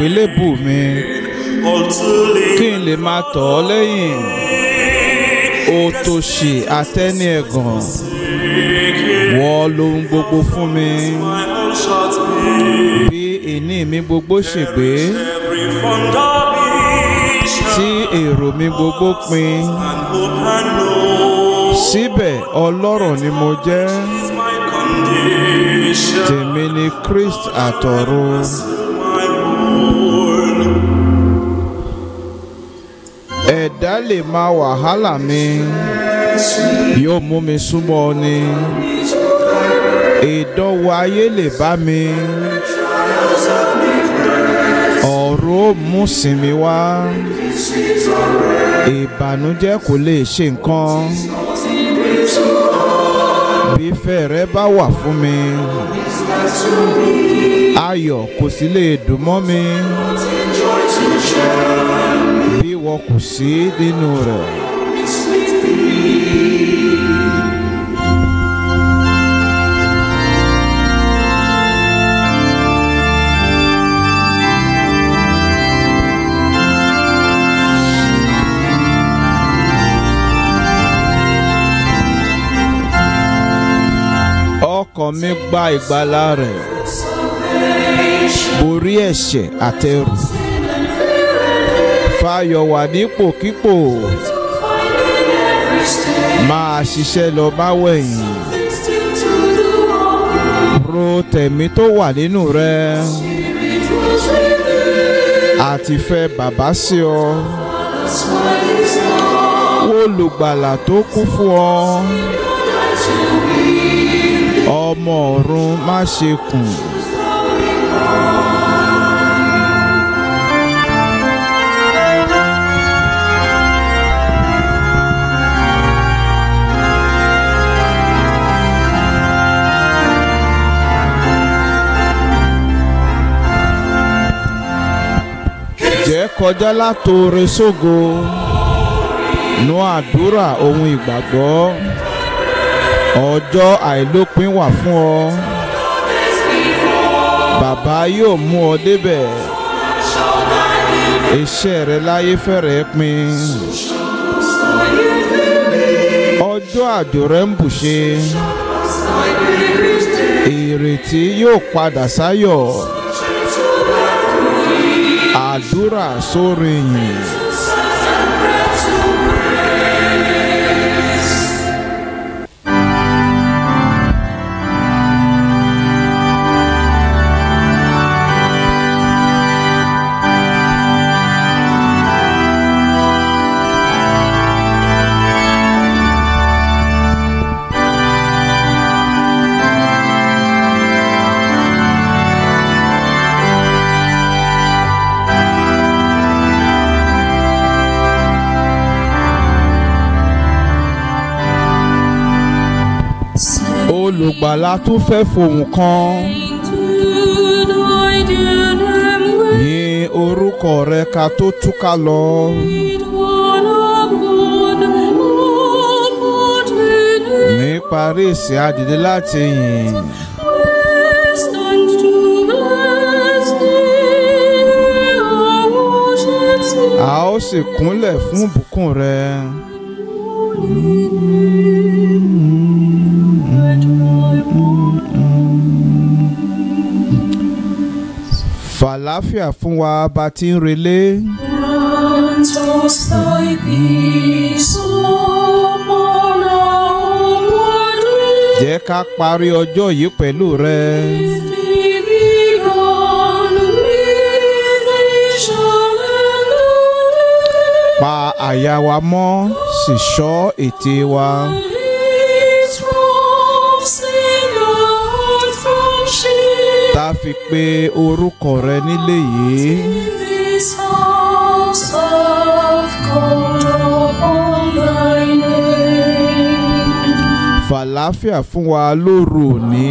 àgbélébù mi kí n lè máa tọ̀ ọ́ lẹ́yìn òtòṣì àtẹ́ni ẹ̀gàn wọ́ lohun gbogbo fún mi bí ìní mi gbogbo ṣègbé tí èrò mi gbogbo pin síbẹ̀ ọlọ́rọ̀ ni mo jẹ́ tèmi ni Christ àtọ̀run ẹ̀dá lè ma wàhálà mi yóò mú mi súnmọ́ ọ ni ìdánwò ayé lè bá mi ọ̀rọ̀ ó mú sinmi wá ìbànújẹ́ kò lè ṣe nǹkan bí ìfẹ́ rẹ bá wà fún mi ayọ̀ kò sì lè dùn mọ́ mi bí wọn kò sí nínú rẹ̀. ọkàn mi gba ìgbàlà rẹ̀ borí ẹ̀ṣẹ̀ àtẹrù fàyọ̀ wà nípòkípò máa ṣiṣẹ́ lọ má wẹ̀yìn ro tẹ̀mí tó wà nínú rẹ àti fẹ́ bàbá sí ọ wo lùgbàlà tó kú fún ọ ọmọ ọ̀run má ṣe kùn kọjá látòore sógo nu àdúrà ohun ìgbàgbọ́ ọjọ́ àìlópin wà fún ọ bàbá yóò mú ọ débẹ̀ iṣẹ́ rẹ láyé fẹ́rẹ̀ pin ọjọ́ àjò rẹ ń bùṣe ìrètí yóò padà sáyọ̀ àdúrà sórin yìí. àwa la tún fẹ́ fohùn kan. yìn orúkọ rẹ ká tó túká lọ. níparí ìsìn àdìdé láti yìn. a ó sì kúnlẹ̀ fún ìbùkún rẹ fàlàáfíà fún wa bá ti ń relé. jẹ́ ká parí ọjọ́ yìí pẹ̀lú rẹ. pa àyà wa mọ́ sì ṣọ́ ètè wa. tá a fi pe orúkọ rẹ nílé yìí. fàlàáfíà fún wa lóru òní.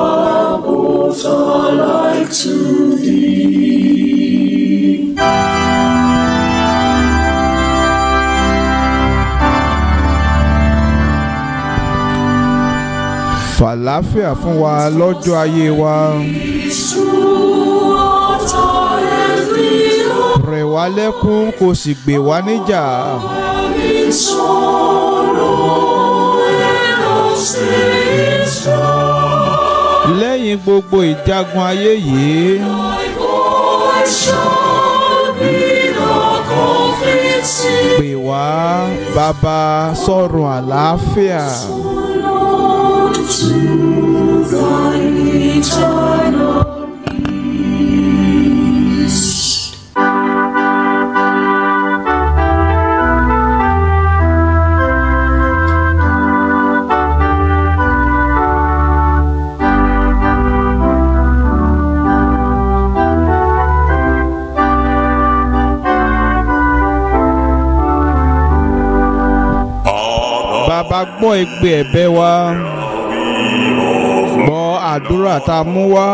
souls alike to thee. Fàlàáfíà fún wa lọ́jọ́ ayé wa. Rẹ̀ wá lẹ́kún kò sì gbè wá níjà. Sorrow and ní gbogbo ìjagun ayé yìí. the conflict sea. Pè wá bàbá sọ́run àlàáfíà. To Lord, eternal. gbọ́ ègbè ẹ̀bẹ̀ wa gbọ́ àdúrà tá a mú wá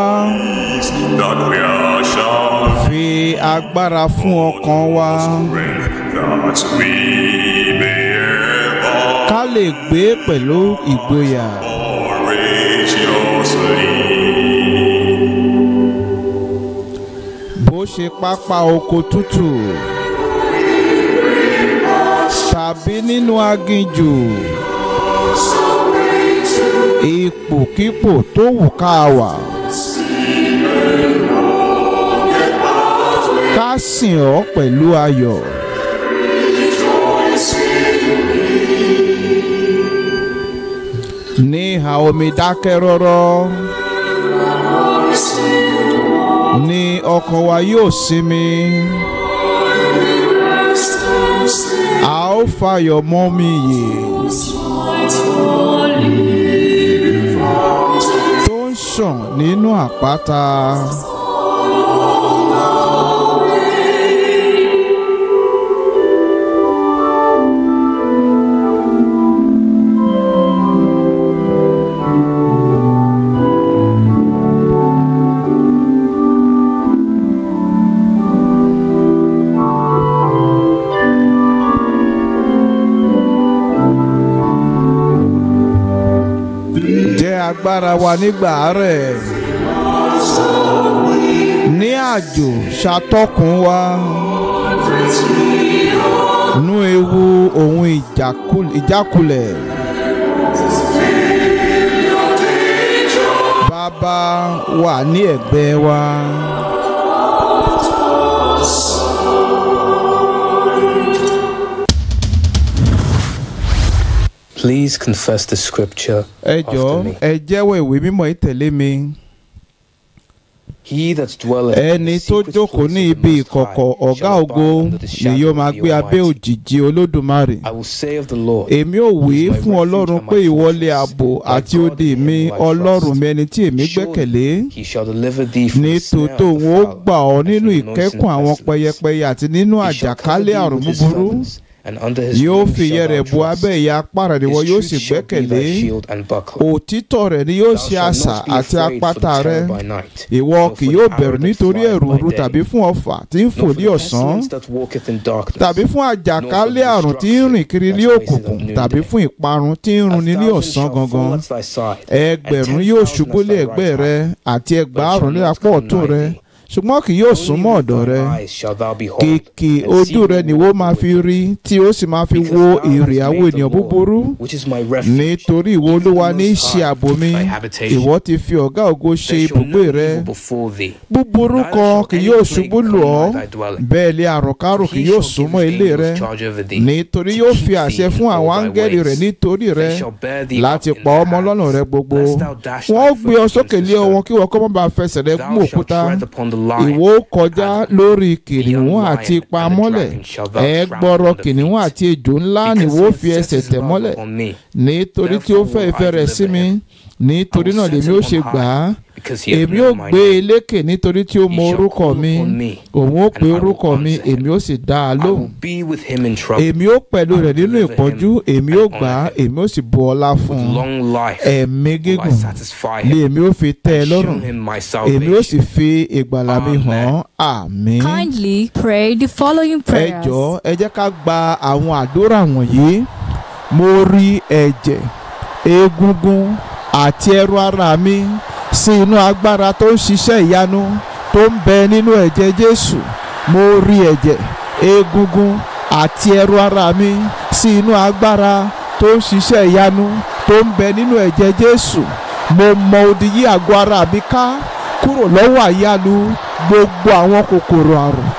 fi agbára fún ọkàn wa ká lè gbé pẹ̀lú ìgboyà. bó ṣe pápá oko tútù tàbí nínú aginjù. No ipòkípò tó wù ká wà. ká sìn ọ́ pẹ̀lú ayọ̀. ní ìhà omi dákẹ́ rọ́rọ́ ni ọkàn wa yóò sinmi a ó fayọ̀ mọ́ mi yìí tó ń ṣàn nínú àpáta. agbára wa nígbà àárẹ̀ ní àjò ṣàtọkùn wa nú ewu òun ìjákulẹ̀ bàbá wà ní ẹ̀gbẹ́ wa. Ba, wa Please confess the scripture. Ẹ jọ̀ọ́, ẹ jẹ́wọ́ ìwé mímọ́ yìí tẹ̀lé mi. He that dwelleth ẹni tó jókòó ní ibi ìkọ̀kọ̀ ọ̀gá ògo ni yóò máa gbé abẹ́ òjìji olódùmarè. èmi ò wí fún ọlọ́run pé ìwọlé ààbò àti odi mi ọlọ́run mi ẹni tí èmi the ní tòótọ́ òun ó gbà ọ́ nínú ìkẹ́kùn àwọn pẹyẹpẹyẹ àti nínú àjàkálẹ̀ àrùn búburú yóò fi ìyẹ́ rẹ̀ bu abẹ́ ìyá apá rẹ̀ ni wọn yóò sì gbẹ́kẹ̀lé òtítọ́ rẹ̀ ni yóò ṣe asà àti apáta rẹ̀ ìwọ kì yóò bẹ̀rù nítorí ẹ̀rùrù tàbí fún ọfà tí ń fò ní ọ̀sán tàbí fún àjàkálẹ̀ àrùn tí ń rìn kiri ní òkùnkùn tàbí fún ìparun tí ń runi ní ọ̀sán gangan ẹgbẹ̀rún yóò ṣubú lé ẹ̀gbẹ́ rẹ àti ẹgbàárùn lé apá ọ̀tún rẹ ṣùgbọ́n kì yóò súnmọ́ ọ̀dọ̀ rẹ kìkì ojú rẹ ni wọ́n máa fi rí tí ó sì máa fi wo èrè àwọn ènìyàn búburú nítorí ìwọ olúwa ní í ṣe ààbò mi ìwọ ti fi ọ̀gá ògo ṣe ibùgbé rẹ búburú kan kì yóò ṣubú lù ọ́ bẹ́ẹ̀ lé àròkárò kì yóò súnmọ́ ilé rẹ nítorí yóò fi àṣẹ fún àwọn áńgẹ́lì rẹ nítorí rẹ láti pa ọmọ lọ́nà rẹ gbogbo wọ́n gbé ọ sókè lé ọ wọn kí wọ́n kọ́ mọ́ bá fẹsẹ̀ rẹ gún òkúta ìwọ kọjá lórí kìnìún àti ipa mọ́lẹ̀ ẹ̀ẹ́gbọ́rọ̀ kìnìún àti ejò ńlá nìwọ fi ẹsẹ̀ tẹ̀ mọ́lẹ̀ nítorí tí ó fẹ́ ìfẹ́ rẹ̀ sí mi nítorí náà lèmi ó ṣe gbà á èmi ó gbé e lékè nítorí tí ó mọ orúkọ mi òun ó pe orúkọ mi èmi ó sì dá a lóhùn èmi ó pẹ̀lú rẹ̀ nínú ìpọ́njú èmi ó gbà á èmi ó sì bu ọlá fún un ẹ̀mí gígùn lèmi ó fi tẹ́ ẹ lọ́rùn èmi ó sì fi ìgbàlà mi hàn àmín. Kindly pray the following prayers. ẹ jọ̀ọ́ ẹ jẹ́ ká gba àwọn àdúrà wọ̀nyí mo rí ẹ̀jẹ̀ egungun àti ẹrù ara mi sí inú agbára tó ń ṣiṣẹ́ ìyanu tó ń bẹ nínú ẹ̀jẹ̀ Jésù mo rí ẹ̀jẹ̀ egungun àti ẹrù ara mi sí inú agbára tó ń ṣiṣẹ́ ìyanu tó ń bẹ nínú ẹ̀jẹ̀ Jésù mo mọ odi yí àgọ́ ara mi ká kúrò lọ́wọ́ àyálu gbogbo àwọn kòkòrò àrùn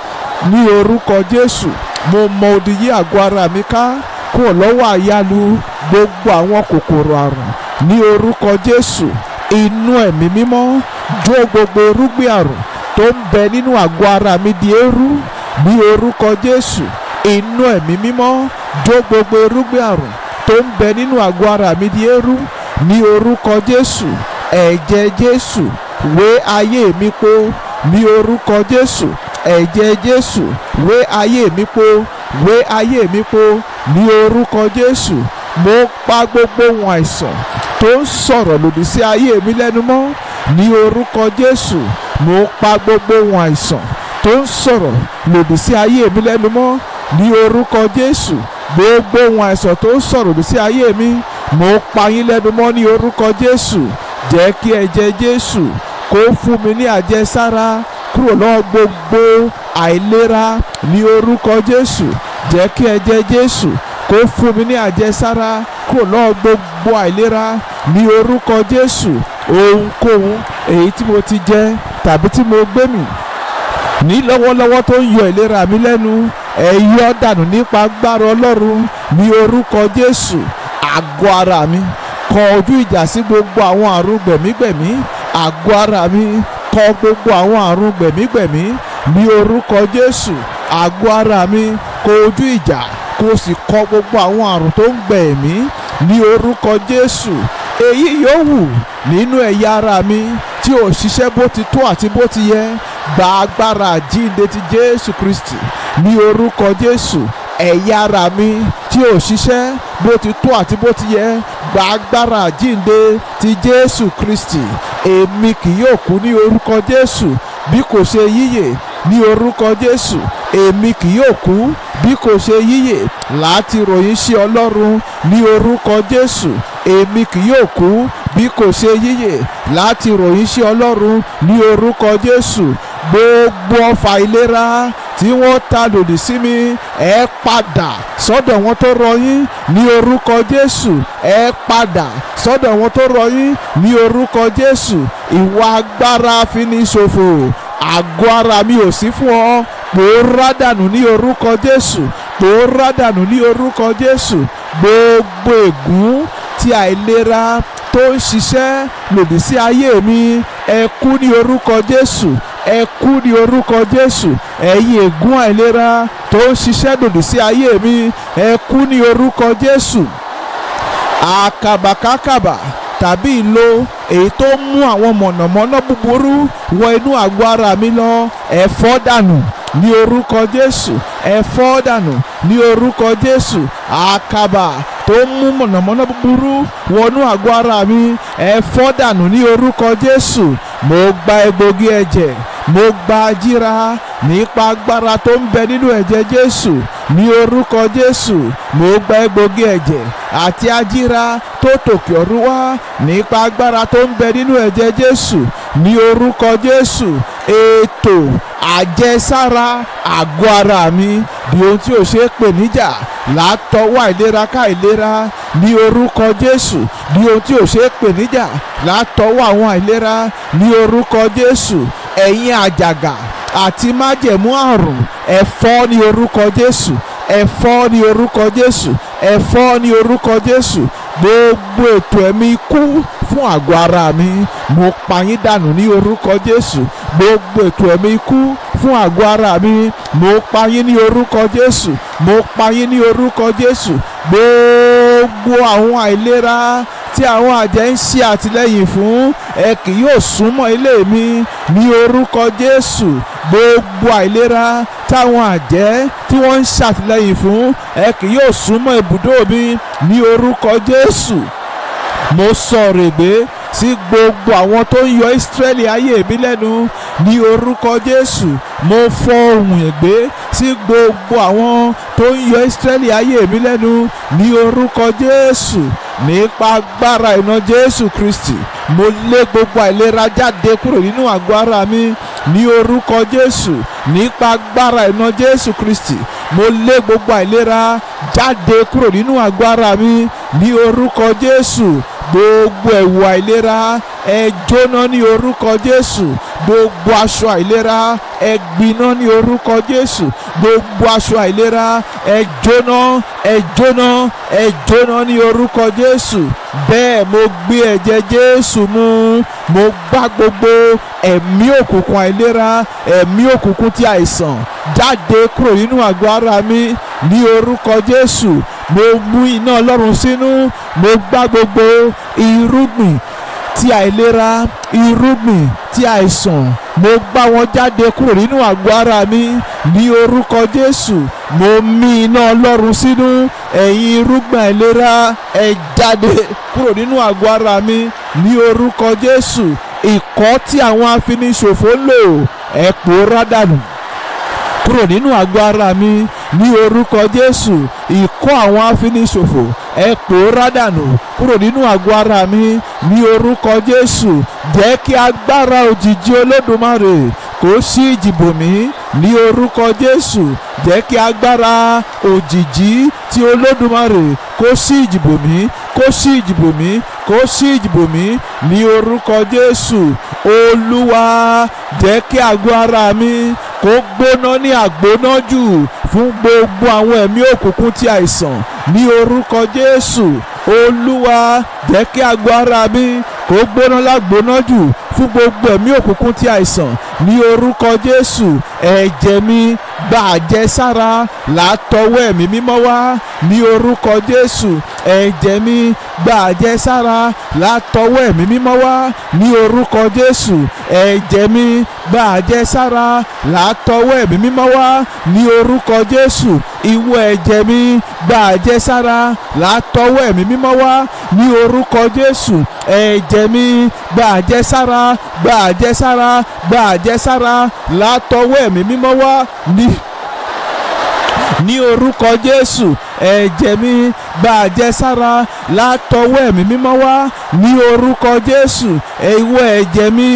ní orúkọ Jésù mo mọ odi yí àgọ́ ara mi ká kúrò lọ́wọ́ àyálu gbogbo àwọn kòkòrò àrùn ní orúkọ Jésù inú ẹ̀mí mímọ́ jó gbogbo irúgbìn àrùn tó ń bẹ nínú àgọ́ ara mi di eérú ní orúkọ Jésù inú ẹ̀mí mímọ́ jó gbogbo irúgbìn àrùn tó ń bẹ nínú àgọ́ ara mi di eérú ní orúkọ Jésù ẹ̀jẹ̀ Jésù wé ayé mi po ní orúkọ Jésù ẹ̀jẹ̀ Jésù wé ayé mi po wé ayé mi po ní orúkọ Jésù mo pa gbogbo wọn àìsàn tó ń sọ̀rọ̀ lòdì sí ayé mi lẹ́nu mọ́ ní orúkọ Jésù mo pa gbogbo wọn àìsàn tó ń sọ̀rọ̀ lòdì sí ayé mi lẹ́nu mọ́ ní orúkọ Jésù gbogbo wọn àìsàn tó ń sọ̀rọ̀ lòdì sí ayé mi mo pa yín lẹ́nu mọ́ ní orúkọ Jésù jẹ́ kí ẹ̀jẹ̀ Jésù kó fún mi ní àjẹsára kúrò lọ́wọ́ gbogbo àìlera ní orúkọ Jésù jẹ́ kí ẹ̀jẹ̀ Jésù kó fún mi ní àjẹsára kò lọ gbogbo àìlera ní orúkọ Jésù ohunkóhun èyí tí mo ti jẹ tàbí tí mo gbé mì ní lọ́wọ́lọ́wọ́ tó ń yọ ìlera mi lẹ́nu ẹ yọ dànù nípa agbára Ọlọ́run ní orúkọ Jésù àgọ́ ara mi kọ ojú ìjà sí gbogbo àwọn àrùn gbẹ̀mígbẹ̀mí àgọ́ ara mi kọ gbogbo àwọn àrùn gbẹ̀mígbẹ̀mí ní orúkọ Jésù àgọ́ ara mi kọ ojú ìjà kó o sì kọ gbogbo àwọn àrùn tó ń gbẹ̀mí ní orúkọ Jésù èyí yòówù nínú ẹ̀yà ara mi tí ò ṣiṣẹ́ bó ti tó àti bó ti yẹ gba agbára àjíǹde ti Jésù Kristi ní orúkọ Jésù ẹ̀yà ara mi tí ò ṣiṣẹ́ bó ti tó àti bó ti yẹ gba agbára àjíǹde ti Jésù Kristi èmi kì yóò kú ní orúkọ Jésù bí kò ṣe yíyè ní orúkọ Jésù èmi kì yóò kú bí kò ṣe yíyè láti ròyìn sí ọlọ́run ní orúkọ jésù èmi kì yóò kú bí kò ṣe yíyè láti ròyìn sí ọlọ́run ní orúkọ jésù gbogbo ọfà ìlera tí wọ́n ta lòdì sí mi ẹ padà sọ́dọ̀ wọn tó rọ yín ní orúkọ jésù ẹ padà sọ́dọ̀ wọn tó rọ yín ní orúkọ jésù ìwà agbára fi ní ṣòfò àgọ́ ara mi ò sí fún ọ pòórá dànù ní orúkọ Jésù pòórá dànù ní orúkọ Jésù gbogbo ègún ti àìlera tó ń ṣiṣẹ́ lòdì sí ayé mi ẹ kú ní orúkọ Jésù ẹ kú ní orúkọ Jésù ẹ̀yin ègún àìlera tó ń ṣiṣẹ́ lòdì sí ayé mi ẹ kú ní orúkọ Jésù àkàbàkàkàbà tàbí ìlò èyí tó ń mú àwọn mọ̀nàmọ́ná búburú wọ inú àgọ́ ara mi lọ ẹ dànù ní orúkọ jésù ẹ fọ́ dànù ní orúkọ jésù àkàbà tó ń mú mọ̀nàmọ́ná búburú wọnú àgọ́ ara mi ẹ fọ́ dànù ní orúkọ jésù mo gba egbògi ẹ̀jẹ̀ mo gba ajíra nípa agbára tó ń bẹ nínú ẹ̀jẹ̀ jésù ní orúkọ jésù mo gba egbògi ẹ̀jẹ̀ àti ajíra tó tòkè ọ̀run wá nípa agbára tó ń bẹ nínú ẹ̀jẹ̀ jésù ní orúkọ jésù ètò àjẹsára àgọ́ ara mi di ohun tí ò ṣeé pè níjà látọwọ́ àìlera ká ìlera ní orúkọ Jésù di ohun tí ò ṣeé pè níjà látọwọ́ àwọn àìlera ní orúkọ Jésù ẹ̀yin àjàgà àti májẹ̀mú àrùn ẹ fọ́ ní orúkọ Jésù ẹ fọ́ ní orúkọ Jésù ẹ fọ́ ní orúkọ Jésù gbogbo ètò ẹ̀mí ikú fún àgọ́ ara mi mo pa yín dànù ní orúkọ Jésù gbogbo ètò ẹ̀mí ikú fún àgọ́ ara mi mo pa yín ní orúkọ Jésù mo pa yín ní orúkọ Jésù gbogbo àwọn àìlera tí àwọn àjẹ́ ń ṣe àtìlẹ́yìn fún ẹ kì yóò súnmọ́ ilé mi ní orúkọ Jésù gbogbo àìlera táwọn àjẹ́ tí wọ́n ń ṣàtìlẹ́yìn fún ẹ kì yóò súnmọ́ ibùdó mi ní orúkọ Jésù mo sọ règbé sí gbogbo àwọn tó ń yọ Ísírẹ́lì ayé mi lẹ́nu ní orúkọ Jésù mo fọ ohùn ègbé sí gbogbo àwọn tó ń yọ Ísírẹ́lì ayé mi lẹ́nu ní orúkọ Jésù nípa agbára iná Jésù Kristi mo lé gbogbo àìlera jáde kúrò nínú àgọ́ ara mi ní orúkọ Jésù nípa agbára iná Jésù Kristi mo lé gbogbo àìlera jáde kúrò nínú àgọ́ ara mi ní orúkọ Jésù gbogbo ẹ̀wù àìlera ẹ jóná ní orúkọ jésù gbogbo aṣọ àìlera ẹ gbiná ní orúkọ jésù gbogbo aṣọ àìlera ẹ jóná ẹ jóná ẹ jóná ní orúkọ jésù bẹ́ẹ̀ mo gbé ẹ̀jẹ̀ jésù mu mo gbá gbogbo ẹ̀mí òkùnkùn àìlera ẹ̀mí òkùnkùn ti àìsàn jáde kúrò nínú àgọ́ ara mi ní orúkọ jésù mo mú iná ọlọ́run sínú mo gbá gbogbo irúgbìn ti àìlera irúgbìn ti àìsàn mo gbá wọn jáde kúrò nínú àgọ́ ara mi ní orúkọ jésù mo mí iná ọlọ́run sínú ẹ̀yin irúgbìn àìlera ẹ jáde kúrò nínú àgọ́ ara mi ní orúkọ jésù ìkọ́ tí àwọn afiniṣòfò lò ẹ pòórá dànù kúrò nínú àgọ́ ara mi ní orúkọ jésù ìkọ́ àwọn afiniṣòfò ẹ pòórá dànù kúrò nínú àgọ́ ara mi ní orúkọ jésù jẹ́ kí agbára òjìji olódùmarè kó sí ìjìbò mi ní orúkọ jésù jẹ́ kí agbára òjìji ti olódùmarè kó sí ìjìbò mi kó sí ìjìbò mi kó sí ìjìbò mi ní orúkọ jésù olúwa jẹ́ kí àgọ́ ara mi kó gbóná ní àgbóná jù fún gbogbo àwọn ẹ̀mí òkùnkùn ti àìsàn ní orúkọ Jésù Olúwa jẹ́ kí àgọ́ ara mi kó gbóná lágbóná jù fún gbogbo ẹ̀mí òkùnkùn ti àìsàn ní orúkọ Jésù ẹ̀jẹ̀ mi gba àjẹsára látọwọ́ ẹ̀mí mímọ́ wá ní orúkọ Jésù ẹ̀jẹ̀ mi gba àjẹsára látọwọ́ ẹ̀mí mímọ́ wá ní orúkọ Jésù ẹ̀jẹ̀ mi gba àjẹsára látọwọ́ ẹ̀mí mímọ́ wá ní orúkọ Jésù ìwọ ẹ̀jẹ̀ mi gba àjẹsára látọwọ́ ẹ̀mí mímọ́ wá ní orúkọ Jésù ẹ̀jẹ̀ mi gba àjẹsára gba àjẹsára gba àjẹsára látọwọ́ ẹ̀mí mímọ́ wá ní ní orúkọ Jésù ẹ̀jẹ̀ mi gba àjẹsára látọwọ́ ẹ̀mí mímọ́ wá ní orúkọ Jésù ìwọ ẹ̀jẹ̀ mi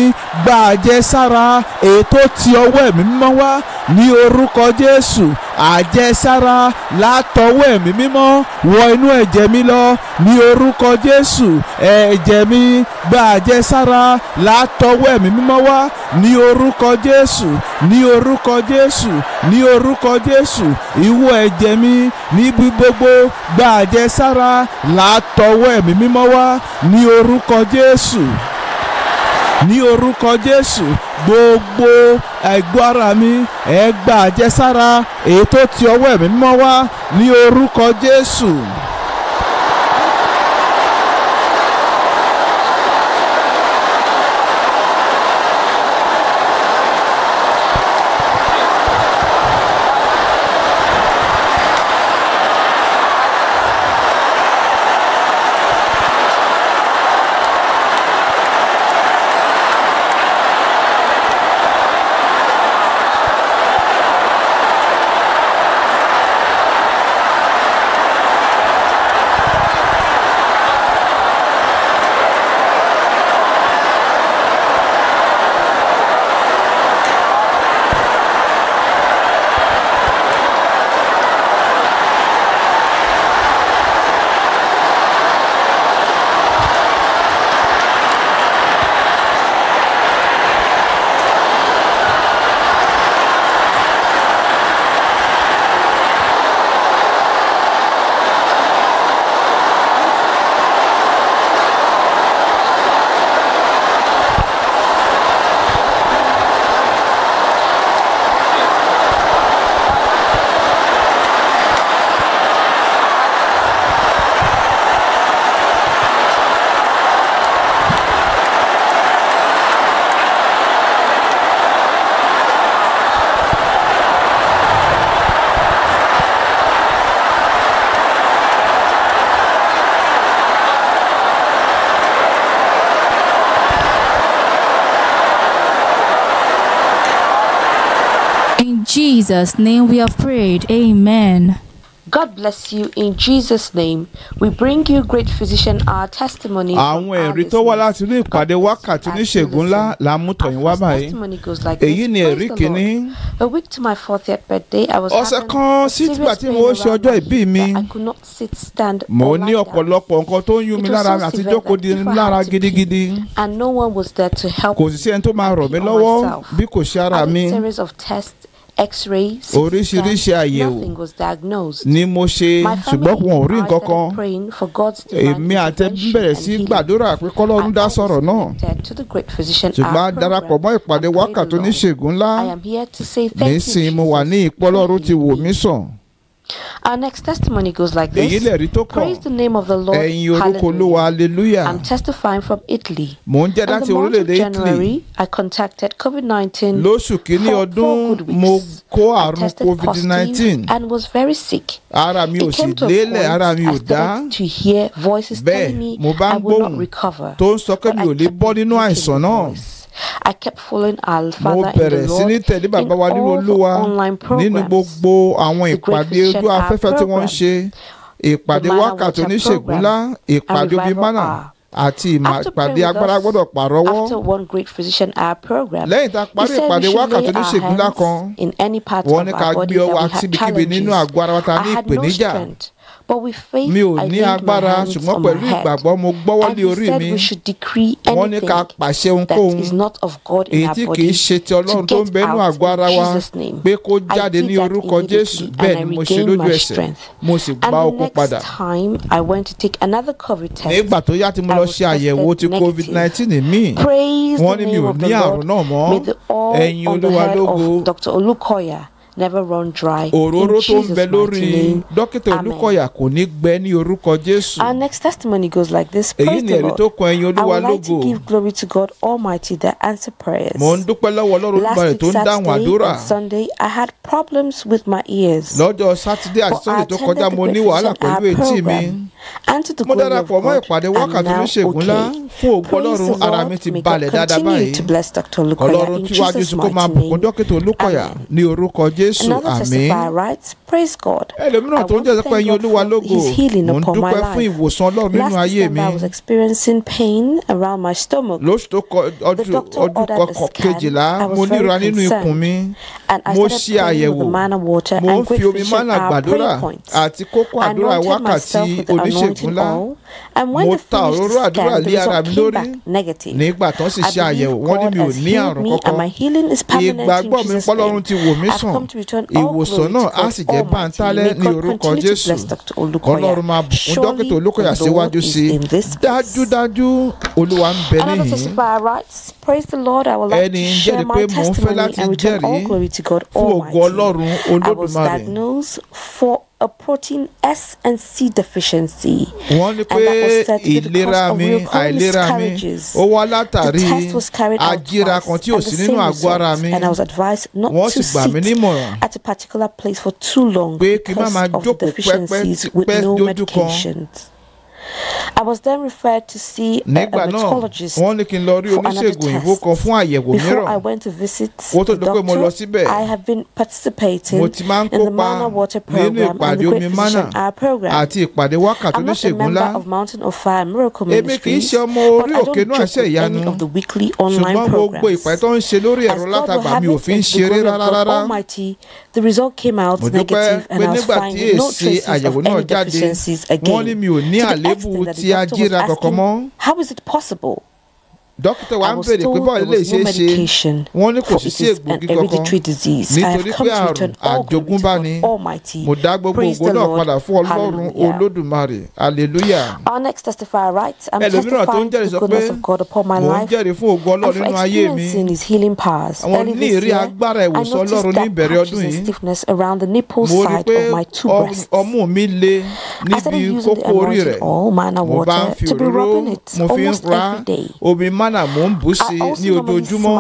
gba àjẹsára èyí ti ọwọ́ ẹ̀mí mímọ́ wá ní orúkọ Jésù àjẹsára látọwọ́ ẹ̀mí mímọ́ wọ inú ẹ̀jẹ̀ mi lọ ní orúkọ Jésù ẹ̀jẹ̀ mi gba àjẹsára látọwọ́ ẹ̀mí mímọ́ wá ní orúkọ Jésù ní orúkọ Jésù ní orúkọ Jésù ìwọ ẹ̀jẹ̀ mi níbi gbogbo gba àjẹsára látọwọ́ ẹ̀mí mímọ́ wá ní orúkọ Jésù. ní orúkọ jésù gbogbo ẹ̀gbọ́ ara mi ajesara, gba àjẹsára èyí ti ọwọ́ ẹ̀mí wá ní orúkọ Jesus' name we have prayed. Amen. God bless you in Jesus name. We bring you great physician our testimony. Àwọn ẹ̀rí tó wá láti inú ìpàdé wákàtí oníṣègùn ńlá la mú tọ̀yìn wá báyìí. Èyí ni ẹ̀rí kìíní. A week to my fortieth birthday, I was ọ̀sẹ̀ kan sí ìgbà tí mo ṣe ọjọ́ ìbí mi. Mo ní ọ̀pọ̀lọpọ̀ nǹkan tó ń yún mi lára àti jókòó di lára gidigidi. Kò sì ẹni tó máa ràn mí lọ́wọ́ bí kò ṣe ara mi. x-ray oríṣiríṣi àyẹ̀wò ni mo ṣe ṣùgbọ́n wọn ò rí nǹkan kan èmi àtẹ bẹ̀rẹ̀ sí gbàdúrà pé kọ́lọ́run dá sọ̀rọ̀ náà ṣùgbọ́n a darapọ̀ mọ́ ìpàdé wákàtí oníṣègùn ńlá nísìnyí mo wà ní ìpọ́lọ́run ti wò mí sàn. Our next testimony goes like this. Praise the name of the Lord. Hallelujah. I'm testifying from Italy. Mo the month of January, I contacted COVID-19 for four good weeks. I tested positive and was very sick. Ara came to sì lélẹ̀, ara mi to hear voices telling me I will not recover. Tó ń sọ pé mi I kept following our father in the Lord in all the online programs the Great Christian Hour program ìpàdé wákàtí oníṣègùn lá ìpàdé omi mánà àti ìpàdé agbára gbọ́dọ̀ pàrọwọ́. lẹ́yìn tá a parí ìpàdé wákàtí oníṣègùn lá kan wọ́n ní ká gbé ọwọ́ àti ibikíbi nínú àgọ́ ara wa ta ní ìpèníjà but with faith mi ò ní agbára ṣùgbọ́n pẹ̀lú ìgbàgbọ́ mo gbọ́wọ́ lé orí mi wọ́n ní ká pàṣẹ ohunkóhun èyí tí kì í ṣe ti ọlọ́run tó ń bẹnu àgọ́ ara wa pé kó jáde ní orúkọ jésù bẹ́ẹ̀ ni mo ṣe lójú ẹsẹ̀ mo sì gba okun padà. nígbà tó yá tí mo lọ ṣe àyẹ̀wò ti covid nineteen mi wọ́n ní mi ò ní àrùn náà mọ́ ẹ̀yin olúwa lógo. never run dry. òróró our next testimony goes like this. praise the lord i would like to give glory to god almighty that answer prayers. last week saturday and sunday i had problems with my ears. lọ́jọ́ saturday tó kọjá mo ní and to the glory of god mo darapọ̀ mọ́ ìpàdé wákàtí oníṣègùn lá fún ògbó ọlọ́run ara mi jésù àmín ẹlòmíràn tó ń jẹ́ sẹ́pẹ́ yín olúwa lógo mò ń dúpẹ́ fún ìwòsàn ọlọ́run nínú ayé mi lóṣù tó kọ ọdún kọkàn kejìlá mo níra nínú ikùn mi mo ṣe àyẹ̀wò mo ń fi omi mánà gbàdúrà àti kókó àdúrà wákàtí oníṣègùn ńlá mo ta òróró àdúrà lé ara mi lórí nígbà tán sì ṣe àyẹ̀wò wọ́n ní mi ò ní àrùn kankan ìgbàgbọ́ mi pọ́lọ́run ti wò mí sàn not return all glory to God Almighty. May God continue to bless Dr. Olukoya. Surely the Lord is in this place. Another testify writes, Praise the Lord, I will like to share my testimony and return all glory to God Almighty. I was diagnosed four a protein S and C deficiency. and that was said to mi àìlera mi ó wá látàrí The test was carried out nínú the same mi. And I was advised not to sit at a particular place for too long because of the deficiencies with no medications. I was then referred to see a, a for another test. Before I went to visit the doctor, I have been participating in the Mana Water Program and the Great Physician Hour Program. I'm not a member of Mountain of Fire Miracle Ministries, but I don't join any of the weekly online programs. As God will have it and the glory of God Almighty, the result came out negative and I was finding no traces of any deficiencies again. next thing that the doctor was asking, how is it possible dókítà wa ń béèrè pé báwo lè ṣe é ṣe wọ́n ní kò sí sí egbògi kankan nítorí pé àrùn àjogúnbá ni mo dá gbogbo ògo náà padà fún ọlọ́run olódùmarè hallelujah. ẹlòmíràn tó ń jẹ́rìí sọ pé mò ń jẹ́rìí fún ògo ọlọ́run nínú ayé mi àwọn ní ìrí agbára ìwòsàn ọlọ́run ní ìbẹ̀rẹ̀ ọdún yìí mo rí pé ọmú mi le níbi kókó orí rẹ̀ mo bá ń fi òróró mo fi ń ra omi mánà mò ń bù sí ní ojoojúmọ́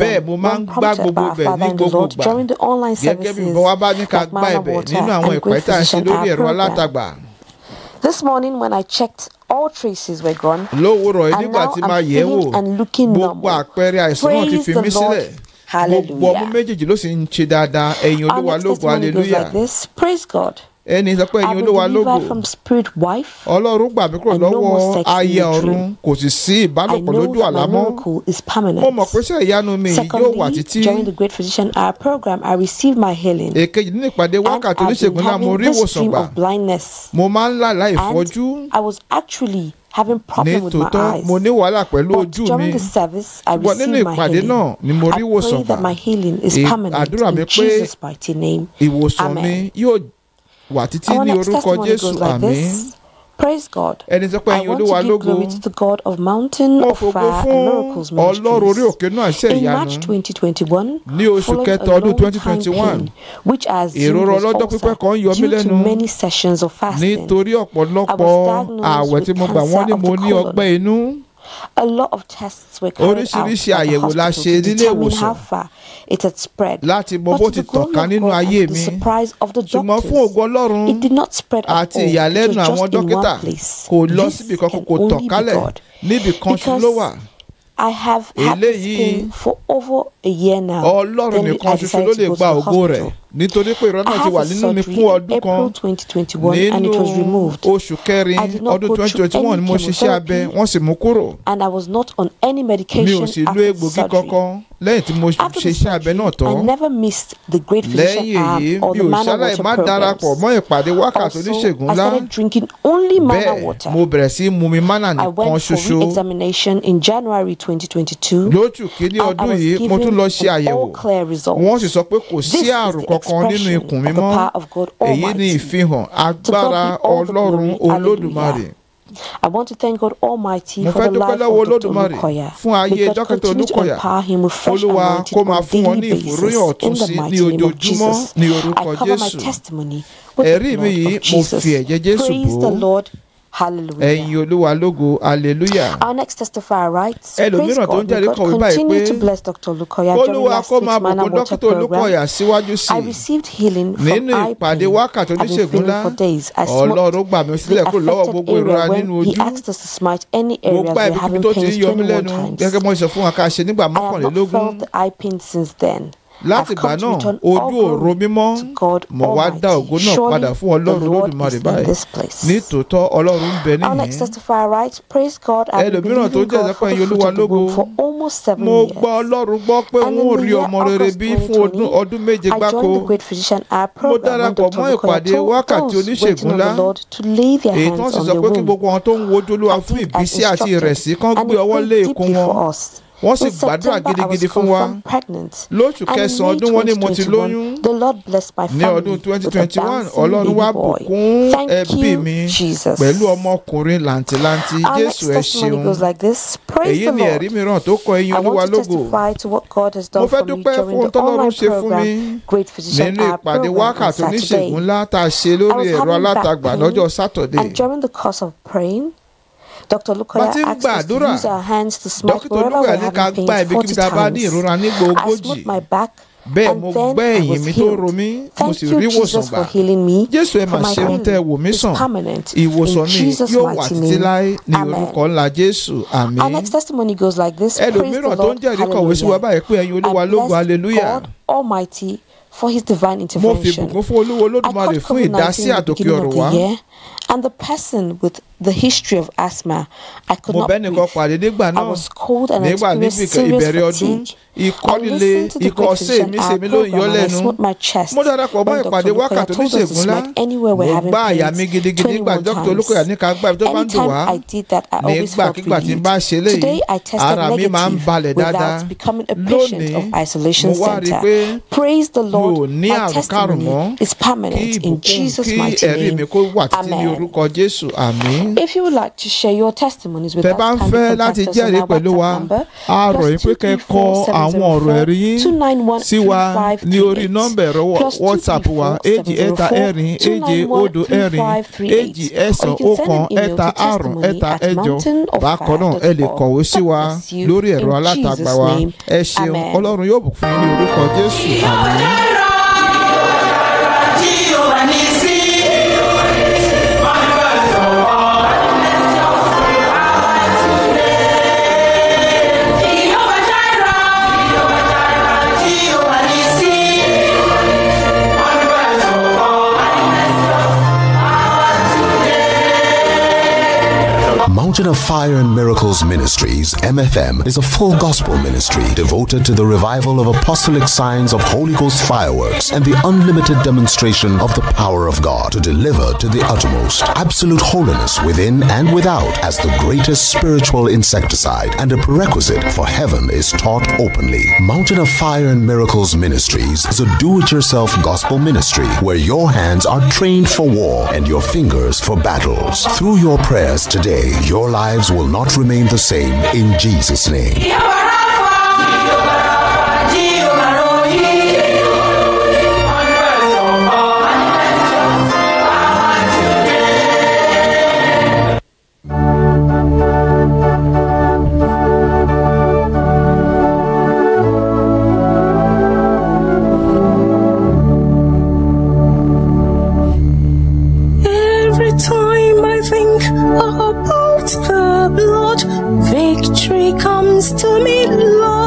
bẹ́ẹ̀ mo máa ń gbá gbogbo bẹ̀ ní gbogbo gbà gẹ́gẹ́ bí mo wá bá ní ká gbá ẹ̀bẹ̀ nínú àwọn ìpẹ́ gba à ń ta lórí ẹ̀rọ alátagbà. This morning when I checked all traces were gone. Lówùrọ̀ yìí nígbà tí máa yẹ̀ wò gbogbo àpẹẹrẹ àìsàn náà ti fi mí sílẹ̀. Gbogbo ọmú méjèèjì ló sì ń ṣe dáadáa ẹ̀yin Olúwa hallelujah. Our next testimony goes like this praise God. ẹni sọ pé ẹ̀yin olúwa lógo ọlọ́run gbà mí kúrò lọ́wọ́ aya ọ̀run kò sì sí ìbálòpọ̀ lójú àlá mọ́ mo mọ̀ pé iṣẹ́ ìyanu mi yóò wà títí. èkejì nínú ìpàdé wákàtí oníṣègùn náà mo rí ìwòsàn gbà mo máa ń lálàá ìfọ́jú having problem with my eyes. mo ní wàhálà pẹ̀lú ojú mi. but during the service I received my healing. nínú ìpàdé náà ni mo rí ìwòsàn gbà. I pray that my healing is permanent in Jesus mighty name. ìwòsàn mi yóò wà títí ní orúkọ Jésù àmín. Praise God. Ẹni sọ pé ẹ̀yin Olúwa lógo. I want to give glory to the God of mountain of fire and miracles Ọlọ́run orí òkè náà ṣe ìyanu. In March twenty twenty one. Ní oṣù kẹta ọdún twenty twenty one. Which has been ìrora ọlọ́jọ́ pípẹ́ kan yọ mí lẹ́nu. Due to many sessions of fasting. Nítorí ọ̀pọ̀lọpọ̀ ààwẹ̀ tí mo gbà wọ́n ní mo ní ọgbẹ́ inú a lot of tests were carried out at the hospital to determine how far it had spread. láti mọ bó ti tàn ká nínú ayé mi ṣùgbọ́n fún ògo ọlọ́run àti ìyàlẹ́nu àwọn dókítà kò lọ síbi kankan kò tàn kálẹ̀ níbi kan ṣu ló wà. I have had this pain for over a year now. Ọlọ́run nìkan ṣoṣo ló lè gba ògo rẹ̀ nítorí pé ìrọ́nà ti wà nínú mi fún ọdún kan nínú oṣù kẹrin ọdún twenty twenty one ni mo ṣiṣẹ́ abẹ wọ́n sì mú kúrò. And I was not on any medication after surgery. Mi ò sì lo egbògi kankan lẹ́yìn tí mo ṣe iṣẹ́ abẹ náà tán lẹ́yìn èyí mi ò ṣaláì má darapọ̀ mọ́ ìpàdé wákàtí oníṣègùn ńlá bẹ́ẹ̀ mo bẹ̀rẹ̀ sí mu mi mana nìkan ṣoṣo lóṣù kínní ọdún yìí mo tún lọ ṣe àyẹ̀wò wọ́n sì sọ pé kò sí àrùn kankan nínú ikùn mi mọ́ èyí ni ìfihàn agbára ọlọ́run olódùmarè. I want to thank God Almighty for the life of Dr. Olukoya. May God to empower him with fresh anointing on a daily basis in the mighty name of Jesus. I cover my testimony with the blood Jesus. Praise the Lord. hallelujah. ẹ̀yin olúwa lógo hallelujah. our next testifier writes. ẹlòmíràn tó ń jáde kọ̀wé báyìí pé olúwa kó máa bùkún dókítà olúkọ̀yà síwájú sí i. received healing from eye pain. nínú ìpàdé wákàtí oníṣègùn lá ọlọ́run gbà mí sílẹ̀ kúrò lọ́wọ́ gbogbo ìrora nínú ojú. mo gbá ibi tó ti ń yọ mí lẹ́nu gẹ́gẹ́ bó ṣe fún wa ká ṣe nígbà mọ́kànlélógún látìgbà náà ojú òòrò mímọ́ mo wá dá ògo náà padà fún ọlọ́run olódùmarè báyìí nítòótọ́ ọlọ́run ń bẹ níyìn ẹlòmíràn tó jẹ́ ẹ̀sẹ̀pẹ̀ yìí olúwa lógo mo gba ọlọ́run gbọ́ pé n ó rí ọmọ rere bí fún ọdún méje gbáko uh, mo darapọ̀ mọ́ ìpàdé wákàtí oníṣègùn ńlá èyí tí wọ́n sì sọ pé kí gbogbo àwọn tó ń wojú olúwa fún ìbísí àti ìrẹ̀sì kan gbé ọwọ́ lé ikùn wọn wọ́n sì gbàdúrà gidigidi fún wa lóṣù kẹsàn-án ọdún wọn ni mo ti lóyún ní ọdún twenty twenty one ọlọ́run wá bùkún ẹbí mi pẹ̀lú ọmọkùnrin làǹtìlanti jésù ẹ ṣeun èyí ni ẹ̀rí mìíràn tó kọ eyín olúwa lógo mo fẹ́ dúpẹ́ fún ohun tọ́lọ́run ṣe fún mi nínú ìpàdé wákàtí oníṣègùn ńlá tá a ṣe lórí ẹ̀rọ alátagbà lọ́jọ́ sátọ̀dé. Dr. Lukoya asked us to use our hands to smite wherever we have pain forty times. I smoothed my back bẹ́ẹ̀ mo gbẹ́ ẹ̀yìn mi tó ro mí mo sì rí ìwòsàn gbà jésù ẹ mà ṣeun tẹ́ wò mí sàn ìwòsàn mi yóò wà títí láé ní orúkọ ńlá jésù àmín. our next testimony goes like this praise lord hallelujah ẹlòmíràn tó ń jẹ́rìí kọ̀wé sí wa báyìí pé ẹ̀yin olúwa lógo hallelujah. god almighty for his divine intervention. mo fi ìbùkún fún olúwo olódùmarè fún ìdásí àtòkè ọ̀rọ̀ wa and the person with the history of asthma. I could not breathe. I was cold and experienced serious fatigue. I listened to the Breakfast Hour program and I smote my chest when Dr. told us to smack anywhere we're having pains 21 times. Anytime I did that, I always felt relieved. Today, I tested negative without becoming a patient of isolation center. Praise the Lord, my testimony is permanent in Jesus' mighty name. Amen. orúkọ Jésù àmín. if you would like to share your testimonies with us. tẹ́ bá ń fẹ́ láti jẹ́rìí pẹ̀lú wa a rọ̀ yín pé kẹ́ kọ àwọn ọ̀rọ̀ ẹ̀rí yín sí wa ní orí nọ́mbà ẹ̀rọ WhatsApp wa èjì ẹ̀ta ẹ̀rin èje odò ẹ̀rin èjì ẹ̀sán ọ̀kan ẹ̀ta àrún ẹ̀ta ẹ̀jọ bákan náà ẹ lè kọ̀wé sí wa lórí ẹ̀rọ alátagbà wa ẹ ṣeun Ọlọ́run yóò bùkún ní orúkọ Jésù àmín. Mountain of Fire and Miracles Ministries, MFM, is a full gospel ministry devoted to the revival of apostolic signs of Holy Ghost fireworks and the unlimited demonstration of the power of God to deliver to the uttermost absolute holiness within and without as the greatest spiritual insecticide and a prerequisite for heaven is taught openly. Mountain of Fire and Miracles Ministries is a do it yourself gospel ministry where your hands are trained for war and your fingers for battles. Through your prayers today, your your lives will not remain the same in Jesus' name. to me, Lord.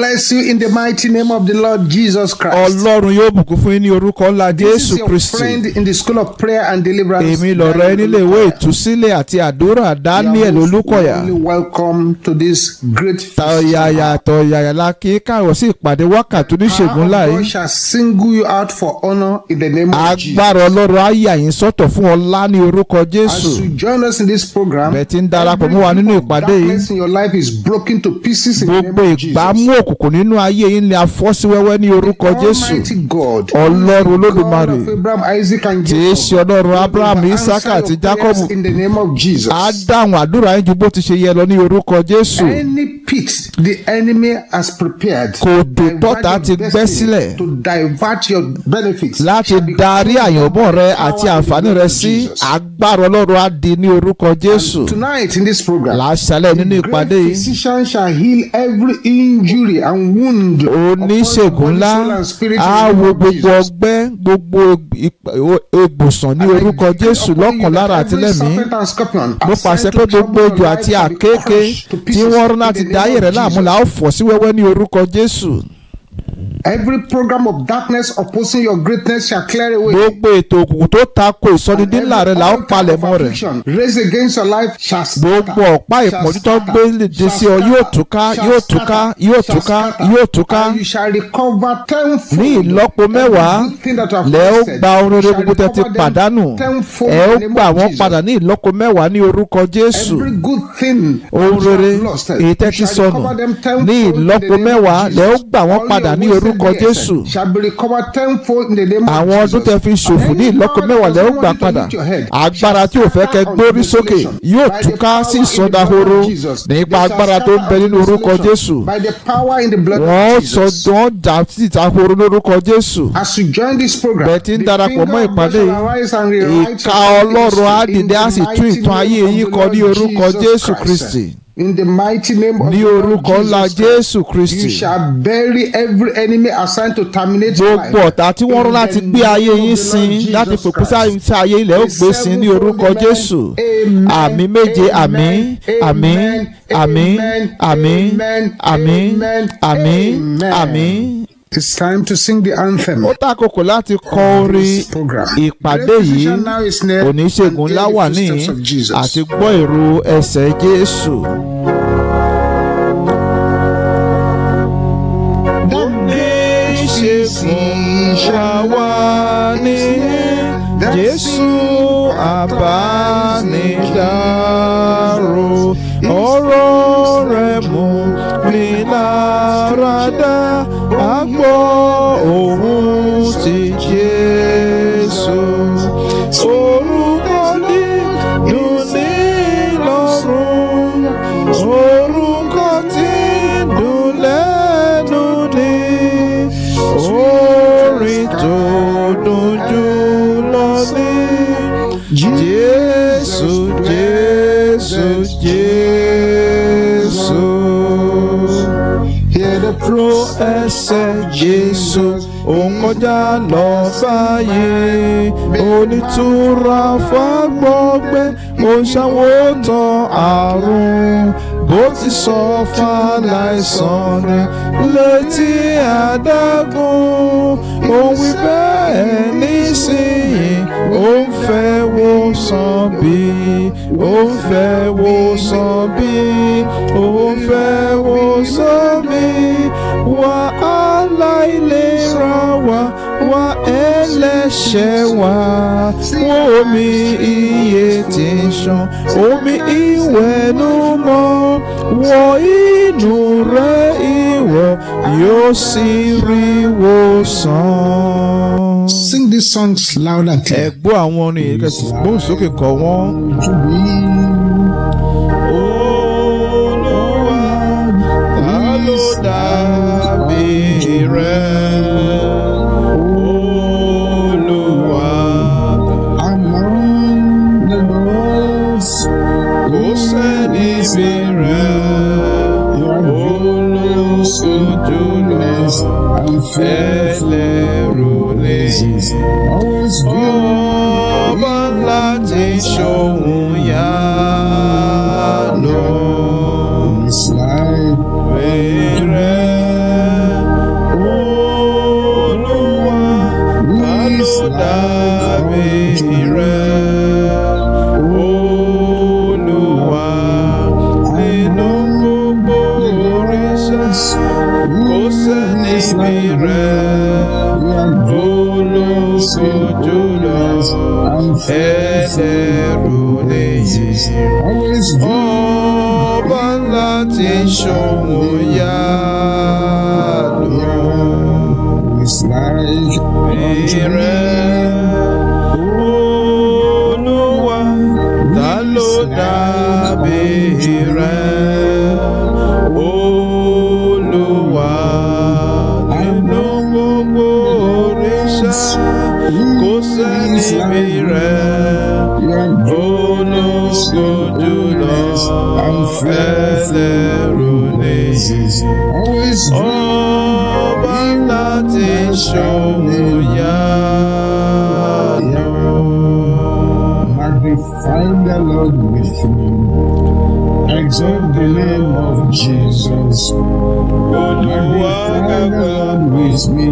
bless you in the mighty name of the Lord Jesus Christ. Ọlọ́run yóò bùkún fún yín ní orúkọ ńlá Jésù Kristi. This is your friend in the school of prayer and deliverance. Èmi lọ̀rọ̀ ẹ nílé ìwé ìtúsílẹ̀ àti àdúrà Daniel Olúkọ̀yà. You are welcome to this great festival. Tọ̀yàyà tọ̀yàyà la kì í kàwọ́ sí ìpàdé wákàtí oníṣègùn láàyè. God shall single you out for honour in the name of Jesus. Agbára Ọlọ́run á yà yín sọ́tọ̀ fún ọlá ní orúkọ Jésù. As you join us in this program. Bẹ̀ẹ̀ ti ń darapọ̀ mọ́ wa nínú ìpàdé yìí. Darkness in your life is broken to pieces in the name of Jesus. Gbogbo ìgbàmú òk òkùnkùn nínú ayé yín ni a fọ́ sí wẹ́wẹ́ ní orúkọ Jésù ọlọ́run olódùmarè tí í ṣe ọlọ́run Abraham Isaac àti Jacob á dáhùn àdúrà yín ju bó ti ṣe yẹ lọ ní orúkọ Jésù pit the enemy has prepared. kò dò tọ́ta ti gbẹ́ sílẹ̀. to divert your benefits. láti darí àyànmọ́ rẹ àti àǹfààní rẹ sí agbára ọlọ́run á di ní orúkọ jésù. tonight in this program. làásàlẹ̀ nínú ìpàdé yìí. great physician shall heal every injury oníṣègùn ńlá á wo gbogbo ọgbẹ́ gbogbo egbòsàn ní orúkọ Jésù lọ́kàn lára àti lẹ́mìí mo pàṣẹ pé gbogbo ejò àti àkékè tí wọ́n rán láti dá ayé rẹ̀ láàmú la ó fọ́ sí wẹ́wẹ́ ní orúkọ Jésù every program of darkness opposing your greatness shall clear away. gbogbo ètò òkùnkùn tó tako ìsọdídínlá rẹ la ó palẹ̀ mọ́ rẹ̀. raise against your life shall scatter. gbogbo ọ̀pá ìpọ́njú tó gbé de sí ọ yóò túká yóò túká yóò túká yóò túká. and you shall recover tenfold. ní ìlọ́po mẹ́wàá lẹ́ ó gba ohun rere gbogbo tẹ́ ti pàdánù ẹ̀ ó gbà wọ́n padà ní ìlọ́po mẹ́wàá ní orúkọ Jésù. ohun rere èyí tẹ́ ti sọnù ní ìlọ́po mẹ́wàá lẹ́ ó gbà wọ́n padà ní orúkọ lórúkọ jésù. àwọn ọdún tẹ fi ṣòfò ní ìlọ́kọ mẹ́wàá lẹ́wọ́ gbà padà agbára tí ò fẹ́ kẹ́ gbórí sókè yóò túká sí ìsọdahoro nípa agbára tó ń bẹ nínú orúkọ jésù. wọ́n sọ wọ́n dà sí ìtahoro lórúkọ jésù. bẹ̀tí ń darapọ̀ mọ́ ìpàdé ìka ọlọ́run á dìde á sì tún ìtàn ayé yín kọ ní orúkọ jésù kristi. In the mighty name of ní orúkọ ńlá Jésù You shall bury every enemy assigned to terminate life. gbogbo ọ̀tá tí wọ́n rán láti gbé ayé yín sin láti fòpin sí ayé ilẹ̀ ó gbé sin ní orúkọ Jésù. àmín méje àmín àmín àmín àmín àmín àmín àmín. It's time to sing the anthem. Ó tàkókò láti kọ orin ìpàdé yìí oníṣègùn láwàní àti gbọ́ ìró ẹsẹ̀ Jésù. Oníṣègùn láwàní Jésù àbánidára. kọjá lọ báyìí onítùúra fagbọgbẹ́ òṣàwò tán àrùn bó ti sọ fáláìsàn ni létí adágún ó wí bẹ́ẹ̀ nísìnyí ó ń fẹ́ wò sàn bí ó ń fẹ́ wò sàn bí ó ń fẹ́ wò sàn bí wàhálà ìlera wa wá ẹlẹ́ṣẹ̀ wa omi iye ti ń ṣan omi ìwẹ̀nùmọ́ wọ inú rẹ̀ ìlú. wọ yóò sì rí Sing these songs loud and clear. Ẹ àwọn orin yìí kẹsì gbóhùn sókè kọ wọ́n. Olúwa rẹ̀? ẹlẹ́rọ̀lé ọba ńlá ti show yá. eterno, always do. fẹ́lẹ́rù nìyí ọba láti ṣòwò yára. Magnify the Lord with me. Exalt the name of Jesus. Magnify the Lord with me.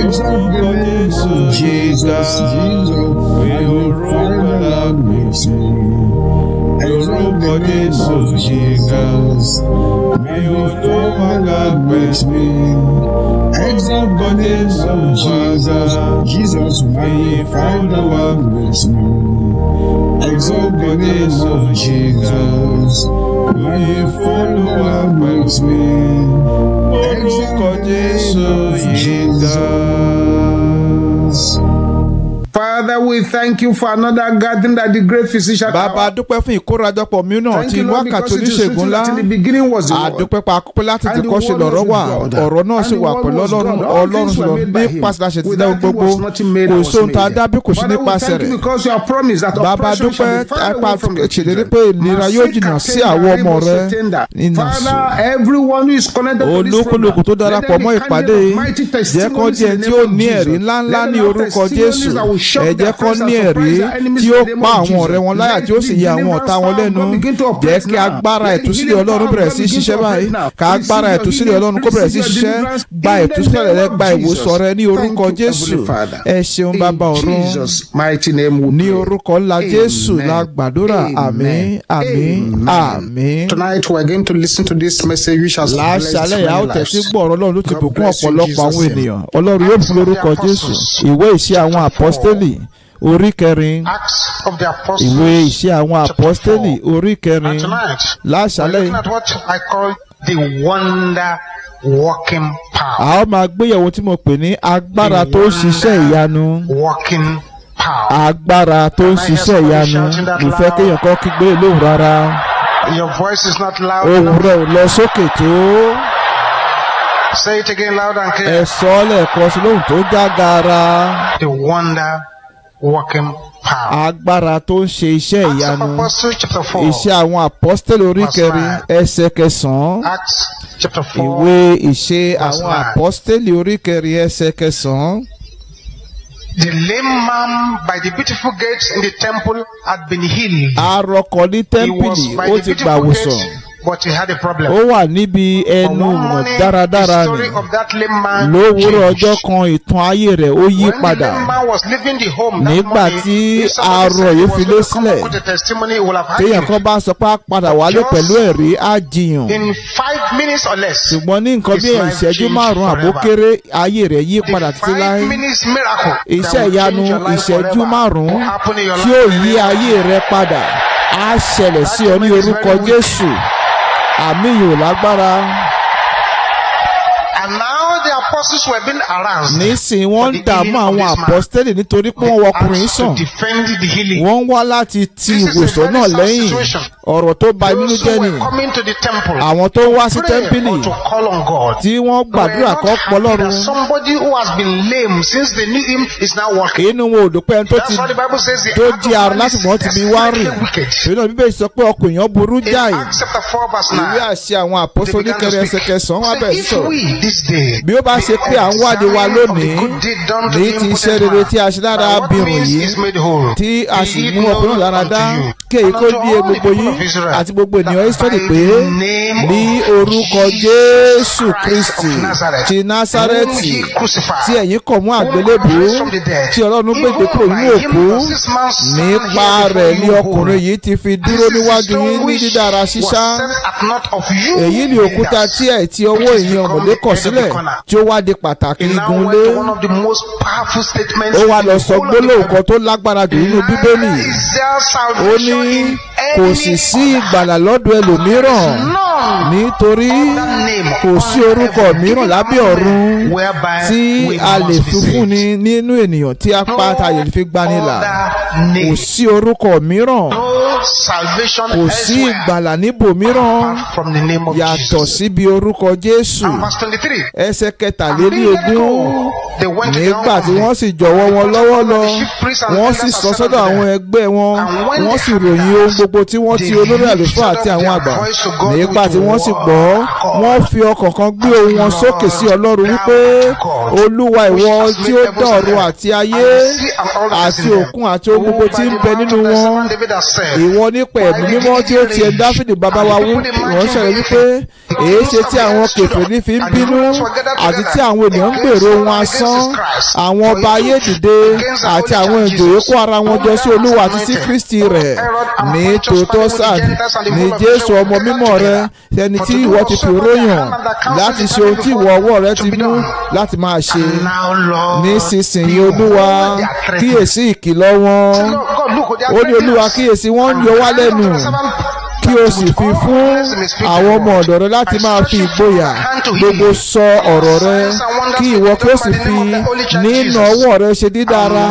Exalt the name of Jesus. Jesus. Magnify the Lord with me orúkọ Jésù yìí ga mi olúwa lágbẹ́ mi orúkọ Jésù yìí ga mi ìfọdàwà gbèsè me? Orúkọ Jésù Jesus, ga mi ìfọdàwà gbèsè mi. Orúkọ Jésù yìí ga. Father, we thank you for another garden that the great physician. Bàbá dúpẹ́ fún ìkórajọpọ̀ mìíràn tí wákàtí oníṣègùn ńlá. Àdúpẹ́ pa akópẹ́ láti ti kọ́ ṣe lọ́rọ́ wà. Ọ̀rọ̀ náà sì wà pẹ̀lú Ọlọ́run Ọlọ́run sọ̀rọ̀ nípasẹ̀ àṣẹ ti dáwọ́ gbogbo. Kò sóhun tá a dá bí kò sí nípasẹ̀ rẹ̀. Bàbá dúpẹ́ apá ṣèlérí pé ìlera yóò jìnnà sí àwọn ọmọ rẹ̀ nínà sùn jẹ́ kọ́ tí ó pa àwọn ọ̀rẹ́ wọn láyà tí ó sì yẹ àwọn ọ̀tá wọn lẹ́nu jẹ́ kí agbára ẹ̀túsílẹ̀ ọlọ́run bẹ̀rẹ̀ sí ṣiṣẹ́ báyìí ká agbára ẹ̀túsílẹ̀ ọlọ́run kó bẹ̀rẹ̀ sí ṣiṣẹ́ gba ẹ̀túsílẹ̀ rẹ gba ìwòsàn rẹ ní orúkọ jésù ẹ ṣeun bàbá ọ̀run ní orúkọ ńlá jésù la gbàdúrà àmín àmín àmín. tonight we are going to listen to this message which has been blessed my life. láṣálẹ̀ yà ó tẹ̀sí gbọ́ ọlọ́run ló ti bùkún ọ̀pọ̀lọpọ̀ àwọn ènìyàn ọlọ́run yóò fún lórúkọ jésù ìwé ìṣe àwọn àpọ́stélì orí kẹrin ìwé ìṣe àwọn àpọ́stélì orí kẹrin láṣálẹ̀ the wonder working power. a ó máa gbéyẹ̀wò tí mo pè ní agbára tó ṣiṣẹ́ ìyanu. power. agbára tó ń ṣiṣẹ́ ìyanu kò fẹ́ kéèyàn kan kígbe lóhùn rárá. your voice is not loud enough. ohùn rẹ̀ ò lọ sókè tó. say it again loud and clear. ẹ sọ ọ́ lẹ́ẹ̀kan sí lóhùn tó já the wonder working power. agbára tó ń ṣe iṣẹ́ ìyanu iṣẹ́ àwọn apọ́stẹ́lì oríkẹrin ẹsẹ̀ kẹsàn-án ìwé ìṣe àwọn apọ́stẹ́lì oríkẹrin ẹsẹ̀ kẹsàn-án. The lame man by the beautiful gates in the temple had been healed. Arọkọ ní tẹ́ḿpìlì ó ti gbàwòsàn but he had a problem. ó wà níbi ẹnu ọ̀nà dáradára ni lówùúrọ̀ ọjọ́ kan ìtàn ayé rẹ̀ ó yí padà nígbà tí arọ yìí fi lé sílẹ̀ téèyàn kan bá sọ pé a padà wálé pẹ̀lú ẹ̀rí á jiyàn ṣùgbọ́n ní nǹkan bí ìṣẹ́jú márùn-ún àbókéré ayé rẹ̀ yí padà títí láé iṣẹ́ ìyanu ìṣẹ́jú márùn-ún tí ó yí ayé rẹ̀ padà á ṣẹlẹ̀ sí ọ ní orúkọ Jésù àmì yìí lágbára apostles were being aroused. nísìnyí wọ́n ń dààmú àwọn apostoli nítorí pé wọ́n wọkùnrin sàn wọ́n ń wá láti ti ìwòsàn náà lẹ́yìn ọ̀rọ̀ tó ba inú jẹ́ ni àwọn tó wá sí tẹ́ḿpìlì tí wọ́n gbàdúrà kọ́ pọ́lọ́run inú wọn ò dúpẹ́ ẹni tó ti tó di àrùn láti mọ́ ti bí wá rìn inú bíbélì sọ pé ọkùnrin yẹn burú jáì ìwé àṣẹ àwọn apostoli kẹrẹsẹkẹsàn wà bẹ́ẹ̀ sọ̀rọ̀ bí ó bá wá ṣe pé à ń wádìí wa lónìí ní ti iṣẹ́ rere tí a ṣe lára bìrùn yìí tí a sì mú ọkùnrin lára dá kí èyí kó bí gbogbo yín àti gbogbo ènìyàn Ísírẹ́lì pé ní orúkọ Jésù Kristi ti Násárẹ́tì tí ẹ̀yin kọ̀ mú àgbélébù tí Ọlọ́run gbègbè kúrò nínú òkú nípa rẹ̀ ni ọkùnrin yìí ti fi dúró níwájú yín ní dídára ṣíṣá èyí ni òkúta tí ẹ̀ ti ọwọ́ ìyẹn ọmọdé kọ̀ sílẹ̀ tí ó wá di pàtàkì igun lé ó wá lọ sọ gbólóhùn kan tó lágbára jù nínú bíbélì ó ní kò sì sí ìgbàlà lọ́dọ̀ ẹlòmíràn nítorí kò sí orúkọ mìíràn lábẹ́ ọ̀run tí a lè fi nínú ènìyàn tí a pa tàyè fi gbanilà kò sí orúkọ mìíràn kò sí ìgbàlà níbòmíràn yàtọ̀ síbi orúkọ Jésù ẹsẹ̀ kẹtàlélógún nígbà tí wọ́n sì jọ̀wọ́ wọn lọ́wọ́ lọ wọ́n sì sọ sọ́dọ̀ àwọn ẹgbẹ́ wọn wọ́n sì ròyìn ohun gbogbo tí wọ́n ti olórí àlùfáà àti àwọn àgbà nígbà tí wọ́n sì gbọ́ wọ́n fi ọkàn kan gbé ohùn wọn sókè sí ọlọ́run wípé olúwa ìwọ tí ó dá àti ayé àti òkun àti ohun gbogbo tí ń bẹ nínú wọn ìwọ nípa ẹ̀mí mímọ́ tí ó ti ẹ̀ dáfídì bàbá wa ránṣẹ́ rẹ̀ wípé èéṣe tí àwọn kèfèrí fi ń bínú àti tí àwọn ènìyàn ń gbèrò wọn asán asán àwọn ọba ayé dìde àti àwọn ìjòyè kó ara wọn jọ sí olúwa àti sí kristi rẹ̀ ní tòótọ́ sáà ní jésù ọmọ mímọ́ rẹ ẹni tí ìwọ ti fi ròyàn láti ṣe ohun tí ìwọ ọwọ́ rẹ ti mú láti máa ṣe nísinsìnyí olúwa kíyèsí ìkìlọ̀ wọn ó ní olúwa kíyèsí wọn ń yọ wá lẹ́nu kí o sì fi fún àwọn ọmọ ọ̀dọ̀ rẹ láti máa fi ìgboyà gbogbo sọ ọ̀rọ̀ rẹ kí ìwọ kí o sì fi nínú ọwọ́ rẹ ṣe dídára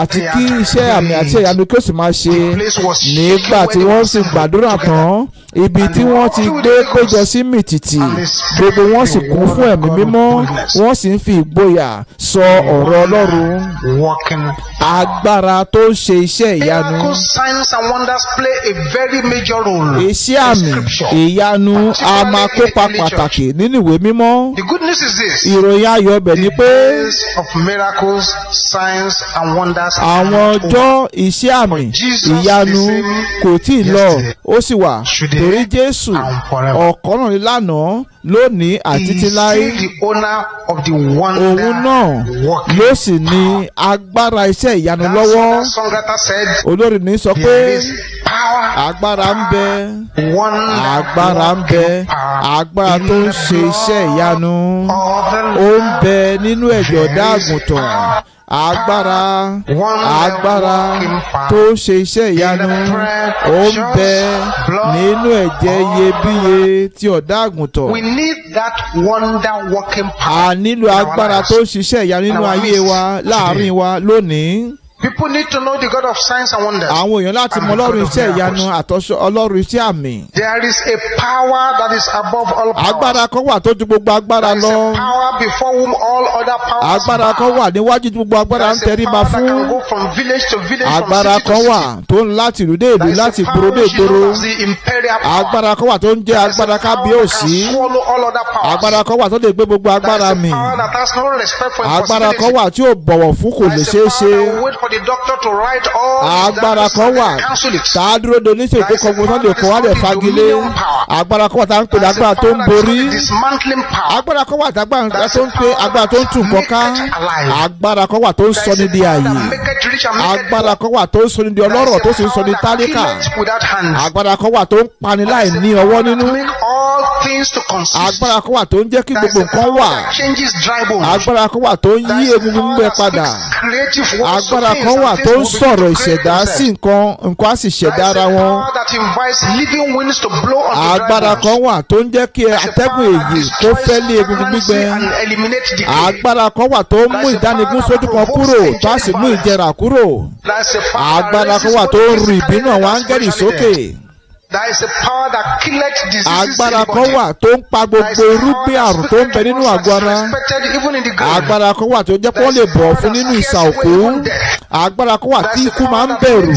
àti kí iṣẹ́ àmì àti ẹ̀yà mi kí o sì máa ṣe nígbà tí wọ́n sì gbàdúrà tán ibi tí wọ́n ti gbé péjọ sí mìtìtì gbogbo wọn sì kún fún ẹ̀mí mímọ́ wọ́n sì ń fi ìgboyà sọ ọ̀rọ̀ ọlọ́run agbára tó ń ṣe iṣẹ́ ìyanu iṣẹ́ àmì ìyanu a máa kópa pàtàkì nínú ìwé mímọ́ ìròyìn ayọ̀ ọbẹ̀ ni pé àwọn ọjọ́ iṣẹ́ àmì ìyanu kò tí ì lọ ó sì wà torí Jésù ọ̀kan náà ni lánàá lónìí àti títí láé òun náà yóò sì ní agbára iṣẹ́ ìyanu lọ́wọ́ olórí ní sọ pé agbára ń bẹ agbára ń bẹ agbára tó ń ṣe iṣẹ́ ìyanu ó ń bẹ nínú ẹ̀jọ̀ ọ̀dá agbára agbára tó ṣe iṣẹ́ ìyanu ó ń bẹ nínú ẹ̀jẹ̀ iyebíye ti ọ̀dà àgùntàn. we need that wonder working power. a nílò agbára tó ṣiṣẹ́ ìyanu nínú ayé wa láàárín wa lónìí. People need to know the God of signs and wonders. Àwọn èèyàn láti mọ Ọlọ́run iṣẹ́ ìyanu àtọ́sọ Ọlọ́run iṣẹ́ àmì. There is a power that is above all powers. Agbára kan wà tó ju gbogbo agbára lọ. There is a power before whom all other powers bow. Agbára kan wà níwájú gbogbo agbára ń tẹríba fún. There is a power that can go from village to village, from city to city. Agbára kan wà tó ń láti ìlú dé ìlú láti ìgboro dé ìgboro. Agbára kan wà tó ń jẹ́ agbára kábíyèsí. Agbára kan wà tó lè gbé gbogbo agbára mì. Agbára kan wà tí ò bọ̀wọ̀ fún kò lè ṣeé ṣe for the doctor to write all. agbára kan wà tá dúró de oníṣègùn kan gbogbo sáà lè kó wálẹ̀ fagilé agbára kan wà tá a ń pè lágbára tó ń borí agbára kan wà tá a tó ń pè agbára tó ń tù kọ́ká agbára kan wà tó ń sọ ní di àyè agbára kan wà tó ń sọ ní di ọlọ́rọ̀ tó sì ń sọ ní tálíkà agbára kan wà tó ń pani láì ní ọwọ́ nínú things to consist. agbára kan wà tó ń jẹ́ kí gbogbo nǹkan wà. agbára kan wà tó ń yí egungun gbígbẹ padà. agbára kan wà tó ń sọ̀rọ̀ ìṣẹ̀dá sí nǹkan nǹkan á sì ṣẹ̀dá ara wọn. agbára kan wà tó ń jẹ́ kí atẹ́gùn èyí kó fẹ́ lé egungun gbígbẹ. agbára kan wà tó ń mú ìdánigún sójú kan kúrò tó a sì mú ìjẹrà kúrò. agbára kan wà tó ń ru ìbínú àwọn áńgẹ́lì sókè agbára kan wà tó ń pa gbogbo irúgbìn àrùn tó ń bẹ nínú àgọ́ ara agbára kan wà tó jẹ́ kó lè bọ̀ fún nínú ìsà òkú agbára kan wà tí ikú máa ń bẹ̀rù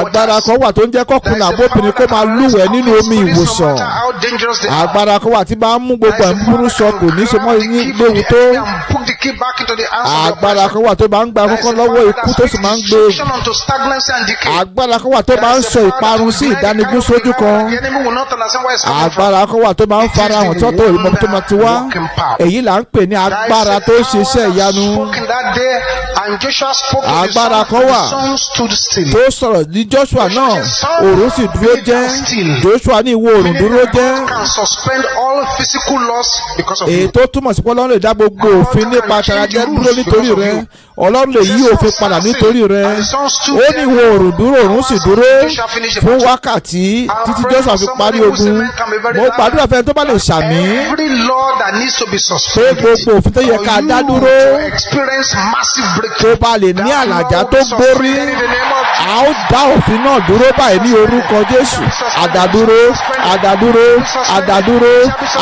agbára kan wà tó ń jẹ́ kọ́kùnrin àbóbìnrin kó máa lúwẹ̀ẹ́ nínú omi ìwòsàn agbára kan wà tí máa ń mú gbogbo ẹ̀ ń burú sọ kò ní ṣe mọ́ ní léwu tó agbára kan wà tó máa ń gba kọ́kọ́ lọ́wọ́ ikú tó sì máa ń gbé agbára kan wà tó máa ń sọ ìparun sí ìdánigún sójú kan agbára kan wà tó máa ń fara hàn tí wọ́n tó ìmọ̀ tó máa ti wá èyí là ń pè ní agbára tó ṣiṣẹ́ ìyanu agbára kan wà tó sọ̀rọ̀ ní Joshua náà òòrùn sì dúró jẹ́ Joshua ní ìwọ òòrùn dúró jẹ́ èyí tó túmọ̀ sí pé ọlọ́run lè dá gbogbo òfin nípa tara jẹ́ dúró nítorí rẹ ọlọ́run lè yí òfin padà nítorí rẹ ó ní ìwọ òòrùn dúró òòrùn sì dúró fún wákàtí títí jọ́sà fi parí ogun mo gbàdúrà fẹ́ tó bá lè ṣàmì pé gbogbo òfin tó yẹ ká dá dúró tó bá lè ní àlàjá tó gbórí a ó dá òfin náà dúró báyìí ní orúkọ Jésù àdàdúró àdàdúró àdàdúró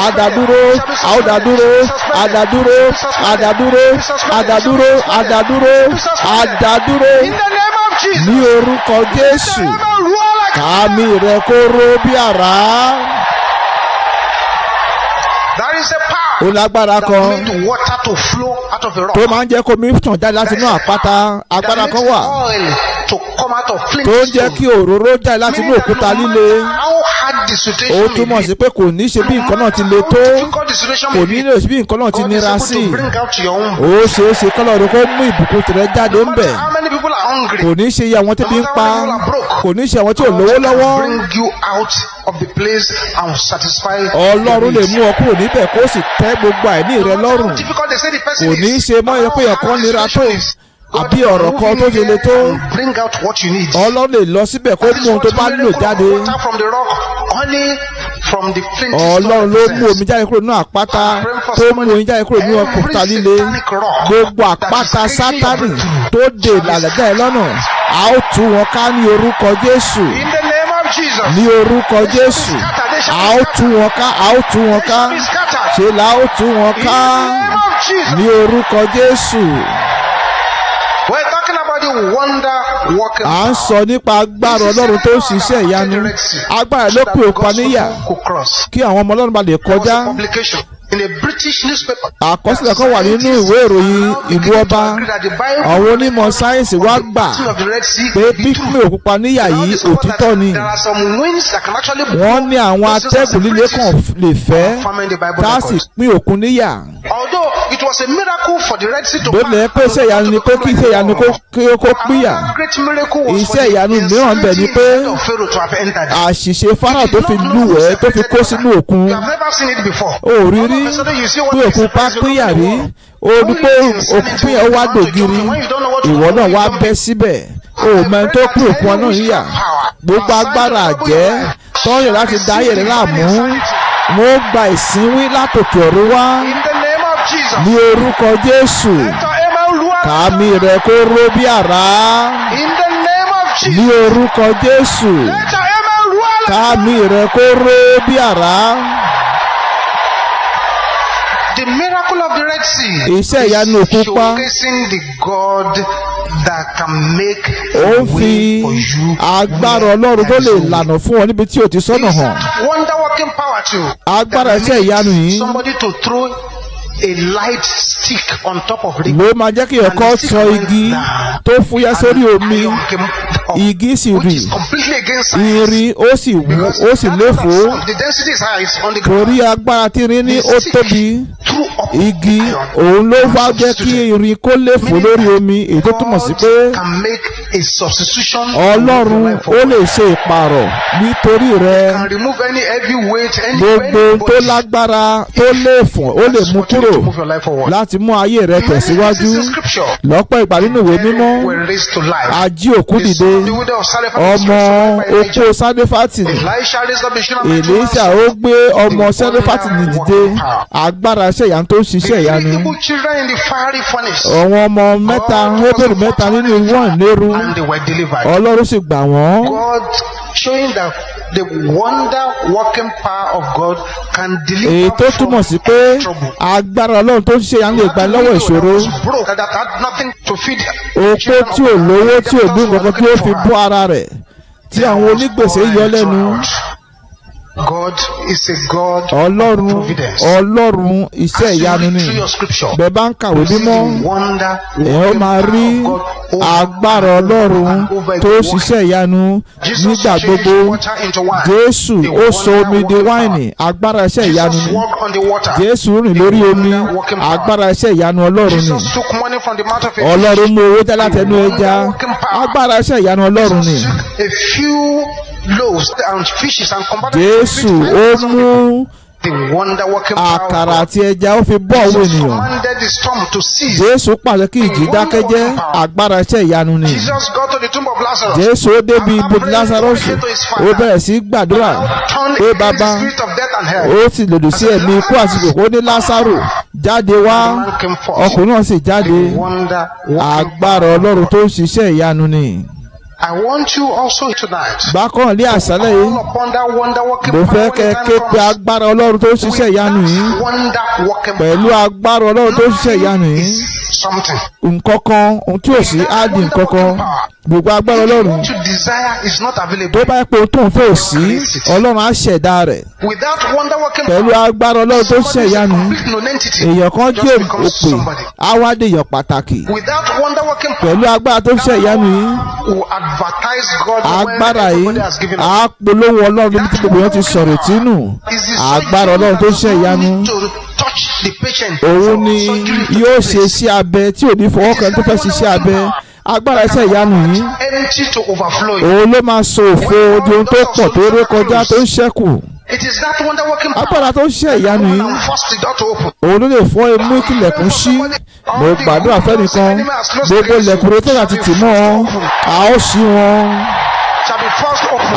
àdàdúró a ó dàdúró àdàdúró àdàdúró àdàdúró àdàdúró àdàdúró ní orúkọ Jésù kàámi rẹ kó ró bí àrá. There is a power ó lágbára kan tó máa ń jẹ́ kó mi tàn jáde láti inú àpáta agbára kan wà tó ń jẹ́ kí òróró jáde láti inú òkúta líle ó túmọ̀ sí pé kò ní ṣe bí nǹkan náà ti le tó kò ní lè ṣe bí nǹkan náà ti nira sí i ó ṣeé ṣe kọ́lọ́run kó mú ìbùkún tirẹ̀ jáde ń bẹ̀ kò ní ṣe iye àwọn tí bí ń pa kò ní ṣe àwọn tí ò lówó lọ́wọ́ ọlọ́run lè mú ọ kúrò níbẹ̀ kó sì tẹ́ tẹ́ gbogbo àìní rẹ lọ́rùn kò ní í ṣe mọ́ pé ọ̀kan nira tó àbí ọ̀rọ̀ kan tó ṣe le tó ọlọ́run lè lọ síbẹ̀ kó mú un tó bá nílò jáde ọlọ́run ló mú omi jáde kúrò nínú àpáta tó mú omi jáde kúrò nínú ọkùnrin líle gbogbo àpáta sátani tó dè làlẹ́jà ẹ lọ́nà a ó tú wọn ká ní orúkọ jésù ní orúkọ jésù a ó tú wọn ká a ó tú wọn ká ṣe la ó tú wọn ká ní orúkọ Jésù. We're talking about the wonder working. À ń sọ nípa agbára Ọlọ́run tó ń ṣiṣẹ́ ìyanu. Agbára ló pè ó pa níyà. Kí àwọn ọmọ Ọlọ́run bá lè kọjá in a British newspaper. àkọsílẹ̀ kan wà nínú ìwé ìròyìn ìlú ọba àwọn onímọ̀ sáyẹ́ǹsì wa gbà pé pípín òkúpa níyà yìí òtítọ́ ni wọ́n ní àwọn atẹ́gùn líle kan lè fẹ́ tá a sì pín òkun níyà. bẹ́ẹ̀ pé iṣẹ́ ìyanu ni pé kí iṣẹ́ ìyanu kó pínyà iṣẹ́ ìyanu mìíràn bẹ̀ ni pé àṣìṣe Fáráò tó fi lúwẹ̀ẹ́ tó fi kó sínú òkun ò rí rí pé òkúpa pín àbí ó rí pé òkúpa yẹn wá dògiri ìwọ náà wá bẹ́ síbẹ̀ o mọ tó pín òkú ọ náà yíyà gbogbo agbára àjẹ́ tọ́yìn láti dáyé rẹ̀ láàmú mo gba ìsínwí látòkè ọ̀run wá ní orúkọ Jésù kàmí rẹ̀ kó ró bí àrá ní orúkọ Jésù kàmí rẹ̀ kó ró bí àrá. The miracle of the Red Sea. Iṣẹ́ ìyanu òkun pa. Showcasing the God that can make a way for you. Ó fi agbára Ọlọ́run tó lè lànà fún ọ níbi tí o ti sọ́nà hàn. Wonder working power too. Agbára iṣẹ́ ìyanu yìí. Somebody to throw a light stick on top of the. ló máa jẹ́ kí ọkọ sọ igi tó fúyẹ́ sórí omi igi sì rì irin ó sì wú ó sì léfò torí agbára tí irin ní ó tóbi igi òun ló wá jẹ́ kí irin kó lè fò lórí omi èyí tó túmọ̀ sí pé a substitution. ọlọ́run ó lè ṣe ìpààrọ̀ nítorí rẹ. can remove any heavy weight any gbogbo tó lágbára tó lè fún ó lè mú kúrò láti mú ayé rẹ mm, tẹ̀síwájú lọ́pọ̀ ìgbà nínú ìwé mímọ́ ají òkú dìde ọmọ oko sadefati Èlíṣà ó gbé ọmọ sadefati dìde agbára iṣẹ́ ìyanu tó ṣiṣẹ́ ìyanu àwọn ọmọ mẹ́ta Hébérù mẹ́ta nínú ìwọ̀n ìlérú. Ọlọ́run sì gbà wọ́n. God showing that the wonder working power of God can deliver from trouble. Èyí tó túmọ̀ sí pé agbára Ọlọ́run tó ń ṣe yàn lè gbà lọ́wọ́ ìṣòro. Opó tí ò lówó tí ò gbé nǹkan kí ó fi bọ́ ara rẹ̀ tí àwọn onígbèsè yọ lẹ́nu. God is a God Ọlọ́run, of providence. Ọlọ́run iṣẹ́ ìyanu ni. Bẹ́ẹ̀ bá ń kàwé mímọ́, ẹ ó máa rí agbára Ọlọ́run tó ṣiṣẹ́ ìyanu nígbà gbogbo. Jésù ó sọ omi di wáìnì, agbára iṣẹ́ ìyanu ni. Jésù rìn lórí omi, agbára iṣẹ́ ìyanu Ọlọ́run ni. Ọlọ́run mú owó jẹ́ látẹnu ẹja, agbára iṣẹ́ ìyanu Ọlọ́run ni loaves and fishes and combated. Jésù ó mú àkàrà àti ẹja ó fi bọ́ òwe ènìyàn. Jésù pàṣẹ kí ìjì dákẹ́jẹ́ agbára iṣẹ́ ìyanu ni. Jésù ó débi ibojì Lásárọ́sì ó bẹ̀rẹ̀ sí gbàdúrà pé bàbá ó sì lòdì sí ẹ̀mí ikú àti ìkòkò ó ní Lásárò jáde wá ọkùnrin náà sì jáde agbára Ọlọ́run tó ń ṣiṣẹ́ ìyanu ni. I want you also tonight. Bákan ní àṣálẹ̀ yìí. All upon that wonder working power. Mo fẹ́ kẹ́ ké pe agbára Ọlọ́run tó ṣiṣẹ́ ìyanu yìí. With that wonder working power. Pẹ̀lú agbára Ọlọ́run tó ṣiṣẹ́ ìyanu yìí. Something. Nǹkan kan, ohun tí ò sí, á di nǹkan kan gbogbo agbára ọlọ́run tó bá pé tó ń fẹ́ sí ọlọ́run á ṣẹ̀dá rẹ̀ pẹ̀lú agbára ọlọ́run tó ṣe ìyanu èèyàn kan jẹ́ òpè á wá dé èèyàn pàtàkì pẹ̀lú agbára tó ṣe ìyanu yìí agbára yìí á polówó ọlọ́run níbi tí gbogbo yẹn ti sọ̀rọ̀ tínú agbára ọlọ́run tó ṣe ìyanu òun ni yóò ṣe sí abẹ tí ò ní fọwọ́ kan tó fẹ́ ṣiṣẹ́ abẹ agbára iṣẹ́ ìyanu yìí òun ló máa so òfo di ohun tó pọ̀ tó ré kọjá tó ń ṣẹ́kù agbára tó ń ṣe ìyanu yìí òun ló lè fọ́ imú kí lẹ̀kùn ṣí mo gbàdúrà fẹ́nìkan gbogbo lẹ̀kùn rotẹ́rì àti tìmọ́ a ó ṣí wọn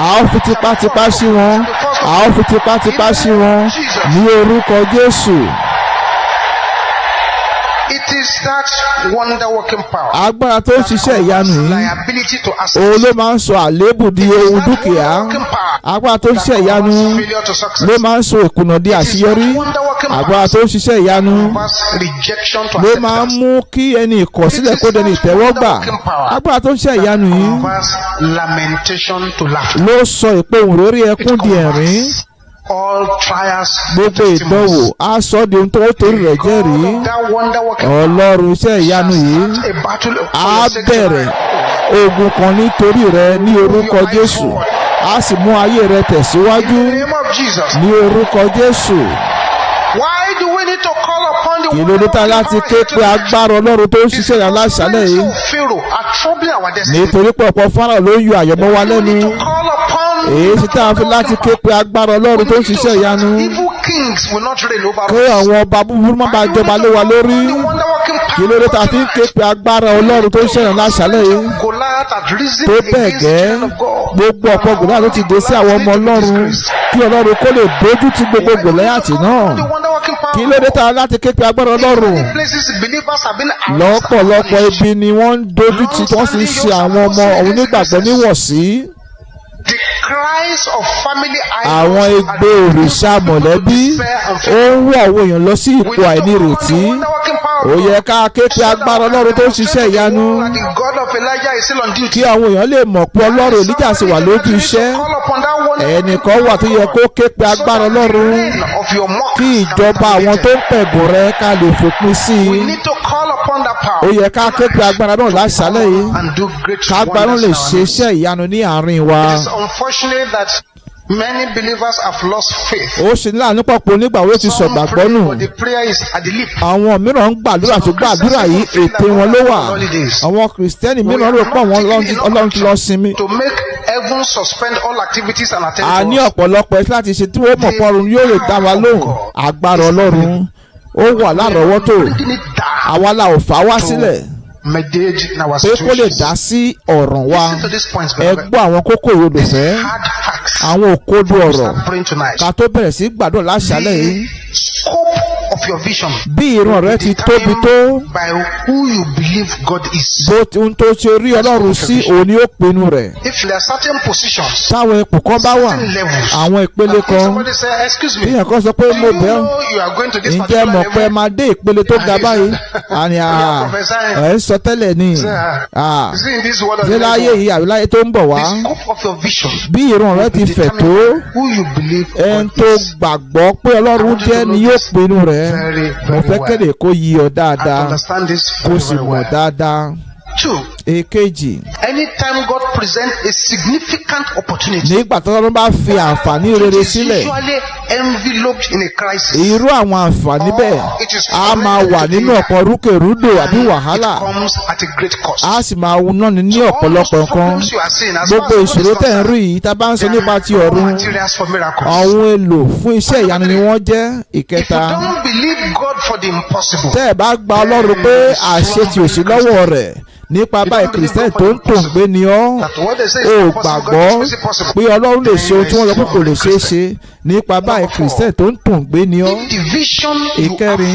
a ó fi tipátipá ṣí wọn a ó fi tipátipá ṣí wọn ní orúkọ Jésù. It is that wonder working power. Agbára tó ń ṣiṣẹ́ ìyanu yìí. Òun ló máa ń sọ àléébù di ohun dúkìá. Agbára tó ń ṣiṣẹ́ ìyanu ló máa ń sọ ìkùnà di àṣeyọrí. Agbára tó ń ṣiṣẹ́ ìyanu ló máa ń mú kí ẹni ìkọ̀sílẹ̀ kó dẹni ìtẹ́wọ́gbà. Agbára tó ń ṣiṣẹ́ ìyanu yìí ló sọ ìpohùn lórí ẹkún di ẹ̀rín all trials. gbogbo ìdánwò a sọ di ohun tó torí rẹ̀ jẹ́rìí ọlọ́run iṣẹ́ ìyanu yìí a bẹ̀rẹ̀ ogun kan nítorí rẹ̀ ní orúkọ jésù a sì mú ayé rẹ̀ tẹ̀síwájú ní orúkọ jésù kí ló dé tá láti ké pé agbára ọlọ́run tó ń ṣiṣẹ́ yàrá àṣálẹ̀ yìí nítorí pọ̀pọ̀ fara ló yọ àyọ̀mọ́ wa lẹ́nu èyí sì tá a fi láti ké pé agbára ọlọ́run tó ń ṣiṣẹ́ ìyanu kings will not reign over us. pé àwọn ọba búburú má bàa jọba lé wa lórí kí ló dé ta fi ń ké pe agbára ọlọ́run tó ń ṣẹ̀yàn láṣálẹ̀ yìí tó bẹ́ẹ̀ gẹ́ gbogbo ọ̀pọ̀ gòláyà tó ti dé sí àwọn ọmọ ọlọ́run kí ọlọ́run kó lè bójú ti gbogbo gòláyà tì náà kí ló ta láti ké pe agbára ọlọ́run lọ́pọ̀lọpọ̀ ibi ni wọ́n ń dojú ti wọ́n sì ń ṣe àwọn ọmọ òun nígbàgbọ́ níwọ̀sí àwọn ẹgbẹ́ òrìṣà mọ̀lẹ́bí ó ń wọ àwọn èèyàn lọ sí ipò àìnírètí ó yẹ ká ké pe agbára ọlọ́run tó ń ṣiṣẹ́ ìyanu kí àwọn èèyàn lè mọ̀ pé ọlọ́run Èlíjà sì wà lójú iṣẹ́ ẹnìkan wà tó yẹ kó ké agbára ọlọ́run kí ìjọba àwọn tó ń pẹ̀gùn rẹ ká lè fòpin sí i ó yẹ ká ké agbára náà láṣálẹ̀ yìí ká agbára náà lè ṣe iṣẹ́ ìyanu ní àárín wa. Many believers have lost faith. Ó ṣe ní àánú pọ̀pọ̀ onígbà wo ti sọ̀gbàgbọ́ nù. Some pray but the prayer is at the lip. Àwọn mìíràn ń gbàdúrà tó gbàdúrà yìí ètè wọn ló wà. Àwọn Kìrìsìtẹ́nì mìíràn rò pọ̀ wọn Ọlọ́run ti lọ sinmi. To make heaven suspend all activities and attend to us. A ní ọ̀pọ̀lọpọ̀ ẹ̀sìn láti ṣe tí wọ́n mọ̀ pọ́run yóò lè dá wa lóhùn. Agbára Ọlọ́run ó wà lárọ̀ọ́wọ́tò. Àwa la ò fà wá sílẹ̀ mediate in our situation. pé kó lè dá sí ọ̀ràn wa ẹ gbọ́ àwọn kókó yìí olùfẹ́ àwọn òkodo ọ̀rọ̀ ká tó bẹ̀rẹ̀ sí gbàdúrà láṣálẹ̀ yìí of your vision. bí ìran rẹ ti tóbi tó. by who you believe God is. bó ohun tó ṣe rí ọlọ́run sí òun ó pinnu rẹ̀. if there are certain positions. táwọn ipò kan bá wà àwọn ìpele kan. bí èèyàn kan sọ pé mo bẹ́ẹ̀ ǹjẹ́ mọ̀ pé ẹ máa dé ìpele tó ga báyìí. àní ẹ̀ ń sọ tẹ́lẹ̀ ni ah, ah, ṣé láyé yìí àbí láyé tó ń bọ̀ wá. bí ìran rẹ ti fẹ̀ tó. ẹni tó gbàgbọ́ pé ọlọ́run jẹ́ ni yóò pinnu rẹ̀ fẹ́ mo fẹ́ kéde kó yí ọ dáadáa kó sì mọ̀ dáadáa two. èkejì. anytime God presents a significant opportunity. nígbà tí Ọlọ́run bá fi àǹfààní rere sílẹ̀. it is usually enveloped in a crisis. irú àwọn àǹfààní bẹ́ẹ̀ a máa wà nínú ọ̀pọ̀ rúkèrúdò àbí wàhálà. it comes at a great cost. a sì máa ná ni ní ọ̀pọ̀lọpọ̀ nǹkan. gbogbo ìṣòro tẹ̀ ń rí yìí tá a bá ń sọ nípa ti ọ̀run. àwọn èlò fún iṣẹ́ ìyanu ni wọ́n jẹ́ ìkẹta. if you don't believe God for the impossible. tẹ́ ẹ bá gba Ọlọ́run pé àṣetì òsì lọ́wọ́ rẹ̀ nípa báyìí kìrìsìtẹ́nì tó ń tòun gbé ni ọ́ ò gbàgbọ́ pé ọlọ́run lè ṣe ohun tí wọ́n yọ pé kò lè ṣeé ṣe nípa báyìí kìrìsìtẹ́nì tó ń tòun gbé ni ọ́ ìkẹrin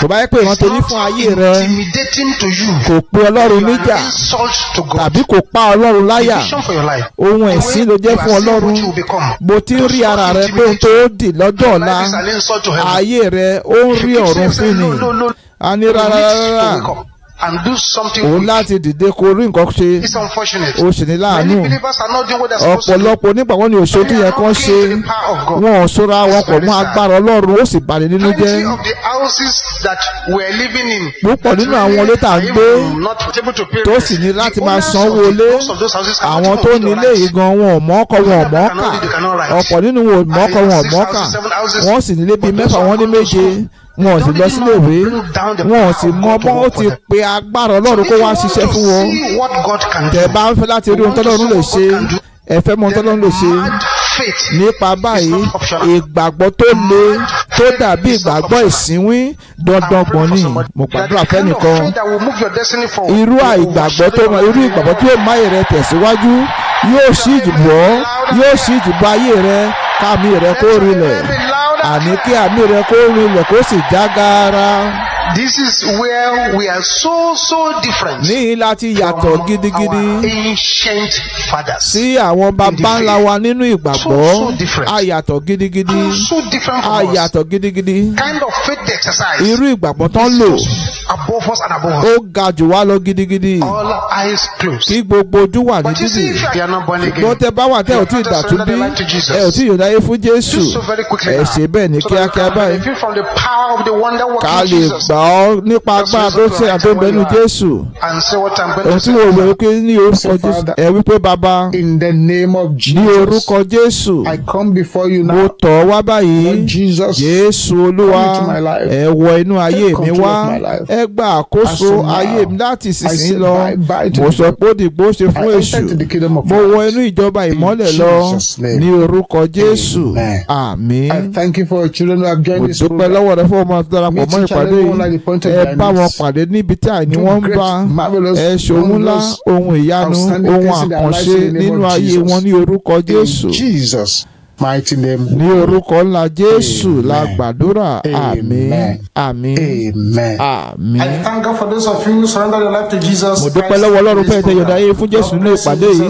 tó bá yẹ pé ìrántí ní fún ayé rẹ kò pe ọlọ́run níjà tàbí kò pa ọlọ́run láyà ohun ẹ̀sín ló jẹ́ fún ọlọ́run bó ti ń rí ara rẹ pé ohun tó dì lọ́jọ́ ọ̀la ayé rẹ ó ń rí ọ̀run fún ni a ní rárá rárá and do something with it. òun láti dìde kó rí nǹkan ṣe. it's unfortunate. ó sì ní láàánú. many believers are not doing what they're supposed to do. ọ̀pọ̀lọpọ̀ onígbàgbọ́ ni òṣèlú tó yẹ kán ṣe. wọn ò ṣọ́ra wọn kò mú agbára ọlọ́run ó sì bani nínú jẹ́. plenty of the houses that we are living in. púpọ̀ nínú àwọn ilé tá à ń gbé tó sì ní láti máa sanwó ilé. àwọn tó ní ilé yìí gan wọn ò mọ́kọ wọn ò mọ́kà. ọ̀pọ̀ nínú wọn ò mọ́kọ wọn ò mọ́kà. wọ́n sì ní wọn ò sì lọ sílé ìwé wọn ò sì mọ bọ́n ó ti pe agbára ọlọ́run kó wá ṣiṣẹ́ fún wọn tẹ̀ ń fẹ́ láti rí ohun tọ́lọ́run lè ṣe ẹ mọ ohun tọ́lọ́run lè ṣe nípa báyìí ìgbàgbọ́ tó le tó dàbí ìgbàgbọ́ ìsínwín dandan gbọ̀n ni mo gbàdúrà fẹ́nìkan irú oh, àìgbàgbọ́ tó mọ irú ìgbàgbọ́ tó má èrè tẹ̀síwájú yóò ṣí ìdìbò yóò ṣí ìdìbò ayé rẹ káàmì rẹ kó rinlẹ̀ àní kí àmì rẹ kó rinlẹ̀ kó sì já gaara. This is where we are so so different. Níyìn láti yàtọ̀ gidigidi. Ancient fathers. Sí àwọn bàbá ńlá wa nínú ìgbàgbọ́. So so different. A yàtọ̀ gidigidi. So different from us. A yàtọ̀ gidigidi. Kind of faith exercise. Irú ìgbàgbọ́ tán lò. Above us and above us. Ó ga jù wá lọ gidigidi. All eyes closed. Kí gbogbo ojú wà ní dídì. Ṣùgbọ́n tẹ bá wà tẹ ò tí ì dàtú bí. Ẹ ò tí ì yọ̀dá yé fún Jésù. Ẹ ṣe bẹ́ẹ̀ ní kíákíá báyìí. Ká lè Jesus gbà ọ́ nípa agbára tó ṣe àtọ́bẹ̀nu Jésù ohun tí mo wẹ̀ wípé ní orúkọ Jésù ẹ wípé bàbá ní orúkọ Jésù mo tọ̀ ọ́ wá báyìí Jésù Olúwa ẹ wọ inú ayé mi wá ẹ gba àkóso ayé mi láti ìsinsìnyí lọ mo sọ pé ó dìgbò ṣe fún èṣù mo wọ inú ìjọba ìmọ́lẹ̀ lọ ní orúkọ Jésù àmín mo dúpẹ́ lọ́wọ́ rẹ fún ọmọ àti darapọ̀ mọ́ ìpàdé yìí ẹ bá wọn pàdé níbi tí àìní wọn ń bá ẹ ṣòun ńlá ohun ìyanu ohun àkànṣe nínú ayé wọn ní orúkọ Jésù mighty name. ní orúkọ ńlá Jésù la gbàdúrà àmín àmín àmín. I thank God for those of you who surrender your life to Jesus. mo dúpẹ́ lọ́wọ́ ọlọ́run fún ẹ̀tẹ́ yọ̀dá yìí fún Jésù ní ìpàdé yìí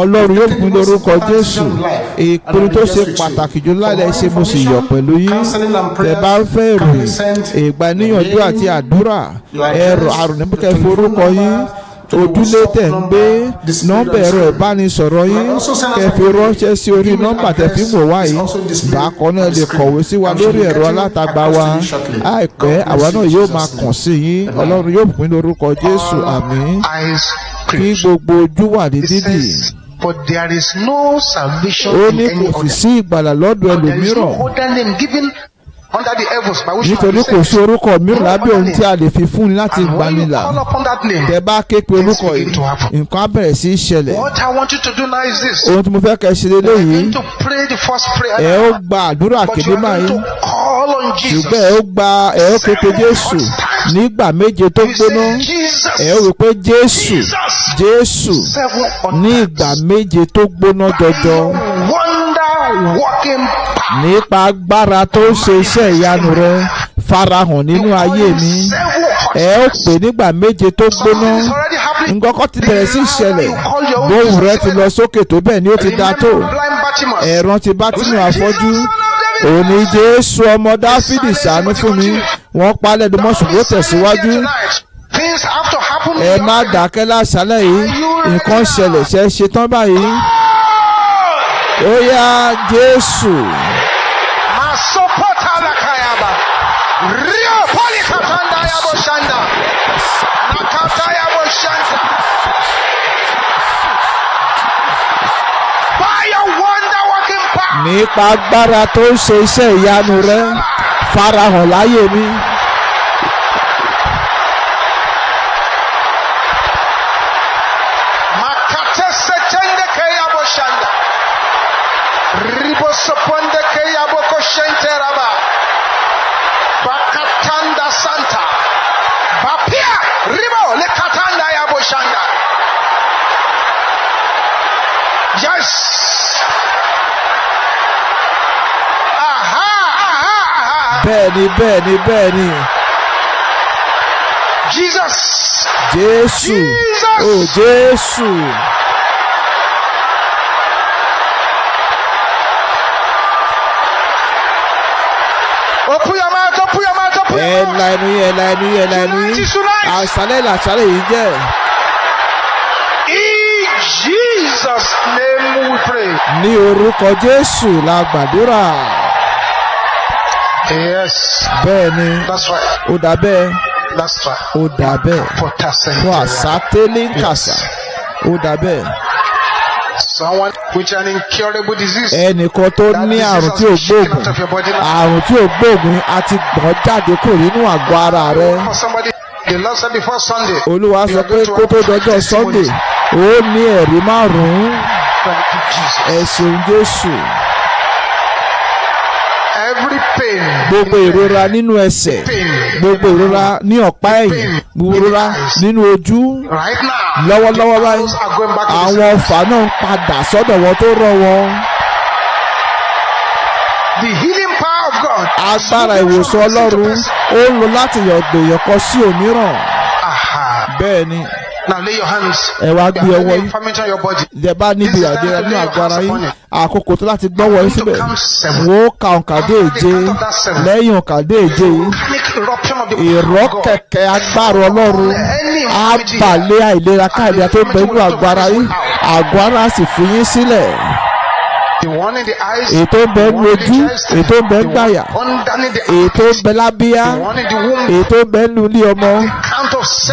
ọlọ́run yóò fún lórúkọ Jésù ìpinnu tó ṣe pàtàkì jù lálẹ́ ṣe mo sì yọ̀ pẹ̀lú yín tẹ́ bá ń fẹ́ ìròyìn ìgbaniyanju àti àdúrà ẹ̀rọ àrùn nípìkẹ́ forúkọ yín ojúlé tẹ̀ ń gbé nọ́mbà ẹ̀rọ ìbánisọ̀rọ̀ yín kẹfì ránṣẹ́ sí orí nọ́mbà tẹ̀fí mò wá yìí bákan náà lè kọ̀wé sí wa lórí ẹ̀rọ alátagbà wa àìpẹ́ àwa náà yóò máa kàn sí yín ọlọ́run yóò bùkún lórúkọ jésù àmín kí gbogbo ojú wà ní dídì. But there is no salvation in any other. Ó ní kò sì sí There is no other name given under the heavens by which nítorí kò sí orúkọ mìíràn lábẹ́ ohun tí a lè fi fún ni láti gbanilà tẹ́ bá ké pe orúkọ yìí nǹkan á bẹ̀rẹ̀ sí í ṣẹlẹ̀ ohun tí mo fẹ́ kẹ́ ṣe lélẹ́yìí ẹ ó gba àdúrà kéde báyìí ṣùgbọ́n ẹ ó gba ẹ ó ké Jésù nígbà méje tó gbóná ẹ ó wí pé Jésù Jésù ní ìgbà méje tó gbóná jọjọ nípa agbára tó ṣe iṣẹ́ ìyanu rẹ farahàn nínú ayé mi ẹ ó pè nígbà méje tó gbóná nǹkan kan ti bẹ̀rẹ̀ sí ìṣẹ̀lẹ̀ bóun rẹ ti lọ sókè tó bẹ́ẹ̀ ni ó ti da tó ẹ̀ràn ti bátìmù afọ́jú òní Jésù ọmọ Dáfídì ṣàánú fún mi wọ́n pa lẹ́nu mọ́ ṣùgbọ́n tẹ̀síwájú ẹ má dákẹ́ láṣálẹ̀ yìí nǹkan ṣẹlẹ̀ ṣe ṣetán báyìí ó yá Jésù. Sopota la kayaba. Rio poli katanda ya boshanda. Nakata ya boshanda. By your wonder working power. Nípa agbára tó ń ṣe iṣẹ́ ìyanu rẹ̀, farahàn láyé mi. bẹ́ẹ̀ ni bẹ́ẹ̀ ni bẹ́ẹ̀ ni. Jesus. Jésù. Jesus. Oh Jésù. ẹ̀la ẹnu yìí ẹ̀la ẹnu yìí ẹ̀la ẹnu yìí àṣálẹ̀ làṣálẹ̀ yìí jẹ́. In Jesus' name we pray. ní orúkọ Jésù la gbàdúrà. Yes. Bẹ́ẹ̀ni. That's right. Ó dà bẹ́ẹ̀. That's right. Ó dà bẹ́ẹ̀. Fún àṣà tẹ́lẹ̀ ń kàṣà. Ó dà bẹ́ẹ̀. Someone with an incurable disease. Ẹnìkan tó ní àrùn tí ò gbóògùn. Àrùn tí ò gbóògùn a ti gbọ́n jáde kúrò nínú àgọ́ ara rẹ̀. Sunday. Olúwa sọ pé kó tó dọjọ́ Sunday, ó ní ẹ̀rí márùn-ún. Ẹ ṣeun Jésù gbogbo ìrora nínú ẹsẹ̀ gbogbo ìrora ní ọ̀pá ẹ̀yìn ìrora nínú ojú lọ́wọ́lọ́wọ́ báyìí àwọn ọfà náà ń padà sọ́dọ̀ wọn tó rọ̀ wọn. The healing power of God. agbára ìwòsàn Ọlọ́run ó lò láti yọ̀gbẹ̀yọ̀kọ sí òmíràn bẹ́ẹ̀ ni. Now lay your hands. ẹ wá gbé ọwọ́ yín lè bá níbi àdéhà ní agbára yín àkókò tó láti gbọ́wọ́ yín síbẹ̀ wò ó ka òǹkàdé èje lẹ́yìn òǹkàdé èje yìí ìrọ́kẹ̀kẹ̀ agbára ọlọ́run á balẹ̀ àìlera káàdì àti ọgbẹ́nu agbára yín agbára sì fi yín sílẹ̀ èyí tó ń bẹ lójú èyí tó ń bẹ gbàyà èyí tó ń bẹ lábíyá èyí tó ń bẹ nulí ọmọ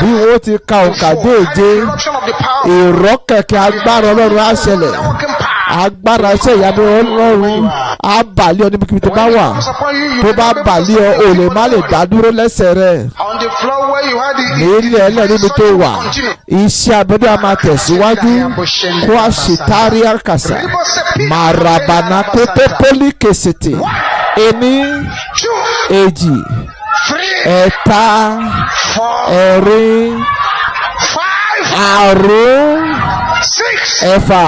bí wọ́n ti ka òǹkà dé èje ìrọ́kẹ̀kẹ̀ agbára ọlọ́run á ṣẹlẹ̀ agbára iṣẹ́ ìyanu ọlọ́run á bàlẹ́ ọ níbikíbi tó bá wà tó bá bàlẹ́ ọ ò lè má lè dá dúró lẹ́sẹ̀ rẹ̀ nílẹ̀ ẹlẹ́ níbi tó wà iṣẹ́ abẹ́dẹ́ a máa tẹ̀síwájú kó a ṣètárí àkàsà màràbànà kó tó pólí kèsìtì ení èjì ẹ̀ta ẹ̀rin àrún ẹ̀fà.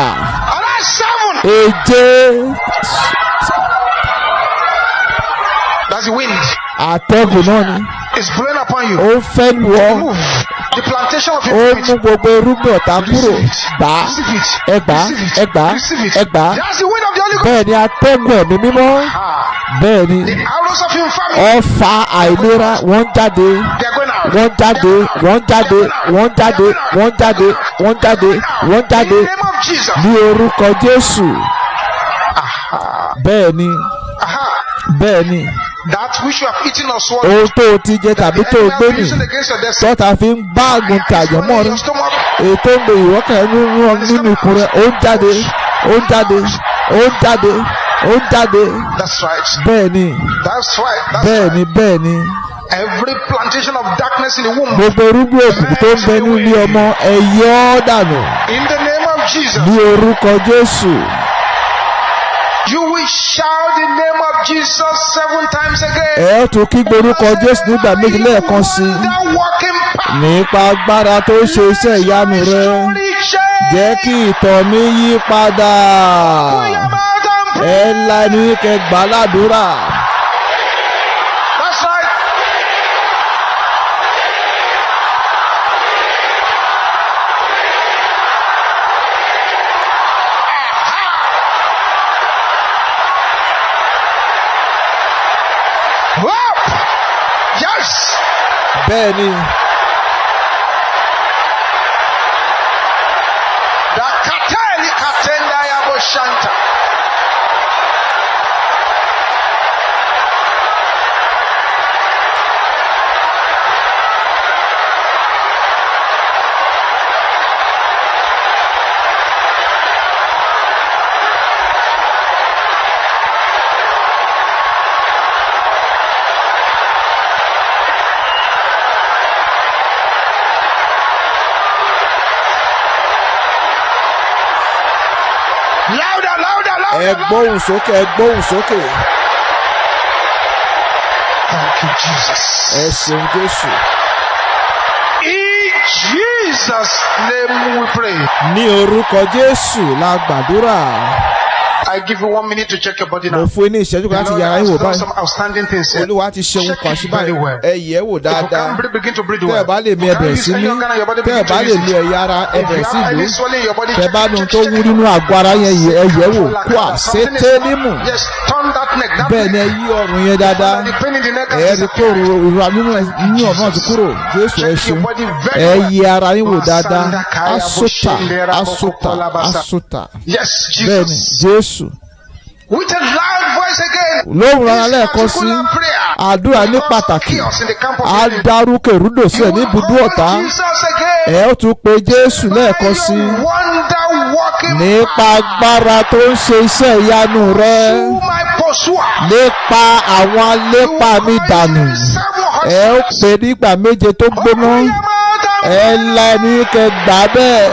eje. that's the wind. àtẹ̀gùn náà ni. it's blowing upon you. ó fẹ́ lu ọ. the plantation of your feet. ó mú gbogbo irúgbìn ọ̀tá kúrò gbà ẹgbà ẹgbà ẹgbà bẹ́ẹ̀ ni atẹ́gùn ẹ̀mí mímọ́ ah. bẹ́ẹ̀ ni ọfà àìlera wọ́n jáde wọ́n jáde wọ́n jáde wọ́n jáde wọ́n jáde wọ́n jáde wọ́n jáde ní orúkọ Jésù bẹ́ẹ̀ ni bẹ́ẹ̀ ni. Aha that which you have eaten or swallowed. ohun tó o ti jẹ tàbí tó o gbé nì tọ́ta fi ń bá àgùn tàjọ̀ mọ́ rí ètò ń lo ìwọ́kẹ̀ nínú ikùn rẹ̀ ó ń jáde ó ń jáde ó ń jáde ó ń jáde bẹ́ẹ̀ ni bẹ́ẹ̀ ni bẹ́ẹ̀ ni. Every plantation of darkness in the womb. Gbogbo irúgbìn òkùnkùn tó ń bẹ ní ilé ọmọ ẹ yọ ọ́ dànù. In the name of Jesus. Ní orúkọ Jésù shout the name of Jesus seven times again. ẹ ó tún kí gborúkọ Jésù nígbà méjì lẹ́ẹ̀kan sí i nípa agbára tó ṣe iṣẹ́ ìyanu rẹ jẹ́ kí ìtọ̀ mi yí padà ẹ la ní kẹgbàá ládùúrà. Benny. ẹ gbóhùn sókè ẹ gbóhùn sókè. Thank you, Jesus. Ẹ ṣeun Jésù. In Jesus' name we pray. Ní orúkọ Jésù la gbàdúrà. I give you one minute to check your body now. mo fún ẹ ní ìṣẹ́jú kan láti yàrá yín wò báyìí olúwa ti ṣe ohun kan sí báyìí ẹ yẹ̀ wò dáadáa tẹ́ ẹ bá lè mi ẹbẹ̀ sí mi tẹ́ ẹ bá lè mi ẹ̀yà ara ẹbẹ̀ sí mi tẹ́ bá nu tó wú nínú àgọ́ ara yẹn ẹ yẹ̀ wò kó àṣetẹ́límù bẹ́ẹ̀ ni ẹ yí ọrùn yẹn dáadáa ẹ rí kó ìrora mímú ní ọ̀run ti kúrò jésù ẹ ṣeun ẹ yí ara yín wò dáadáa asúta asúta asúta bẹ́ẹ̀ ni jésù with a loud voice again. lóhùn ara lẹ́ẹ̀kan sí àdúrà ní pàtàkì adarúkèrúdò sí ẹ̀ ní ibùdó ọ̀tá ẹ̀ ó tún pe jésù lẹ́ẹ̀kan sí nípa agbára tó ń ṣe iṣẹ́ ìyanu rẹ̀ lépa àwọn alépa mi dànù ẹ ó pè nígbà méje tó gbóná ẹ lẹ́ni kẹgbà bẹ́ẹ̀.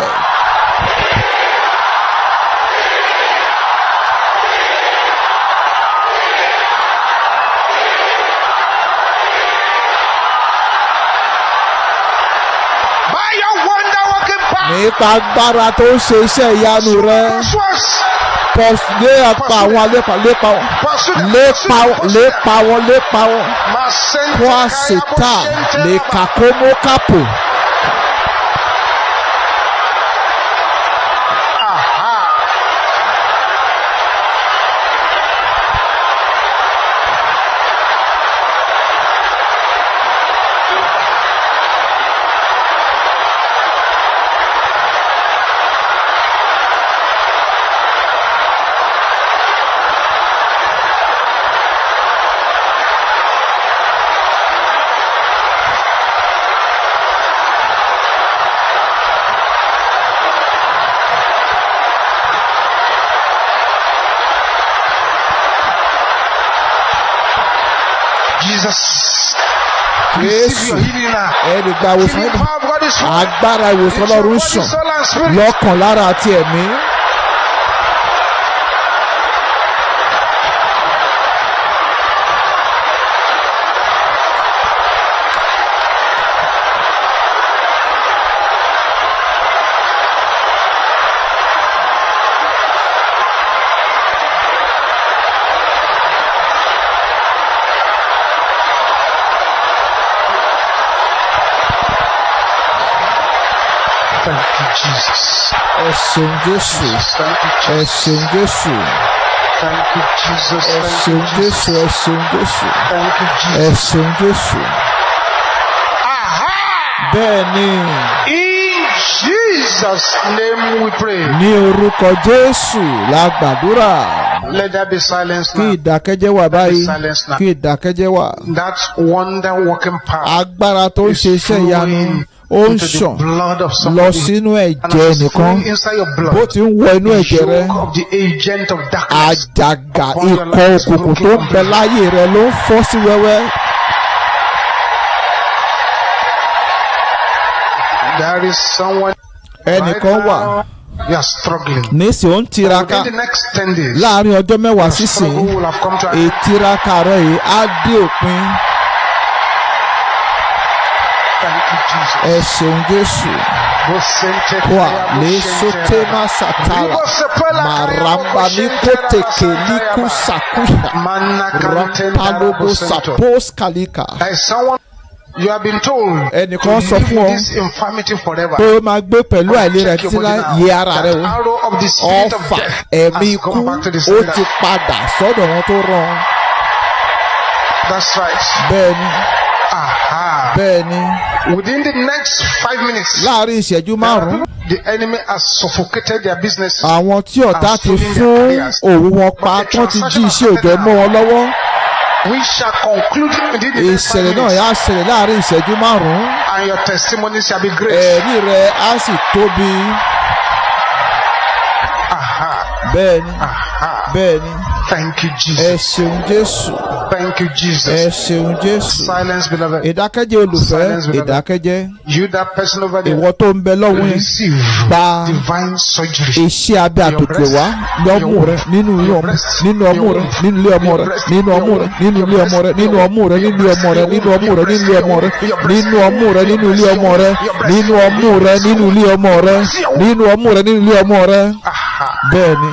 nípa agbára tó ń ṣe iṣẹ́ ìyanu rẹ kọ lé apá wọn lépa lépa wọn lépa wọn lépa wọn lépa wọn kó àṣetà lè kàkó mọ́kàpò. ẹ lè gba ìwòsàn agbára ìwòsàn Ọlọ́run sàn lọ́kàn lára àti ẹ̀mí. Ẹ ṣeun Jésù. Ẹ ṣeun Jésù. Ẹ ṣeun Jésù. Ẹ ṣeun Jésù. Ẹ ṣeun Jésù. Aha! In Jesus' name we pray. Ní orúkọ Jésù la gbàdúrà. Let there be silence now. Kí ìdákẹ́jẹ́ wà báyìí. Kí ìdákẹ́jẹ́ wà. That wonder working power. Agbára tó ń ṣe iṣẹ́ ìyanu ó ń ṣàn lọ sínú ẹ̀jẹ̀ nìkan bó ti ń wọ inú ẹ̀jẹ̀ rẹ àjàgà ikọ̀ òkùnkùn tó ń bẹ láyé rẹ ló ń fọ́ sí wẹ́wẹ́. There is someone ẹnìkan wà nísì ó ń tiraka láàrin ọjọ́ mẹ́wàá sísìn ìtiraka rẹ̀ yìí á dé òpin. You have been told ẹnì kan this fún forever. pé ó máa gbé pẹ̀lú àìlera títí láyé ara rẹ o ọfà ẹ̀mí ikú ó ti padà sọ́dọ̀ wọn tó rán. That's right. Ben bẹ́ẹ̀ni. within the next five minutes. láàrin ìṣẹ́jú márùn-ún. the enemy has suffocated their business. àwọn tí ọ̀tá ti fún òru wọn pa tán ti jí iṣẹ́ òjò mọ́ wọn lọ́wọ́. We shall conclude within the next five minutes. ìṣẹ̀lẹ̀ náà yà ṣẹlẹ̀ láàrin ìṣẹ́jú márùn-ún. and your testimony shall be great. ẹ̀rí rẹ̀ á sì tóbi. bẹ́ẹ̀ni bẹ́ẹ̀ni. Thank you, Jesus. Ẹ ṣeun Jésù. Thank you, Jesus. Ẹ ṣeun Silence, beloved. Ìdákẹ́jẹ́ olùfẹ́. Ìdákẹ́jẹ́. You that person over there. Ìwọ tó ń bẹ lọ́wọ́ yẹn. Receive gba divine surgery. Iṣẹ́ abẹ́ àtòkè wá lọ́mú rẹ nínú ilé ọmọ ninu nínú ọmú rẹ nínú ilé ọmọ rẹ nínú ọmú ninu nínú ilé ọmọ ninu nínú ọmú rẹ nínú ilé ọmọ rẹ nínú ọmú ninu nínú ilé ọmọ ninu nínú ọmú rẹ nínú ilé ọmọ rẹ nínú ọmú ninu nínú ilé ọmọ ninu nínú ọmú rẹ nínú ilé ọmọ rẹ bẹ́ẹ̀ ni.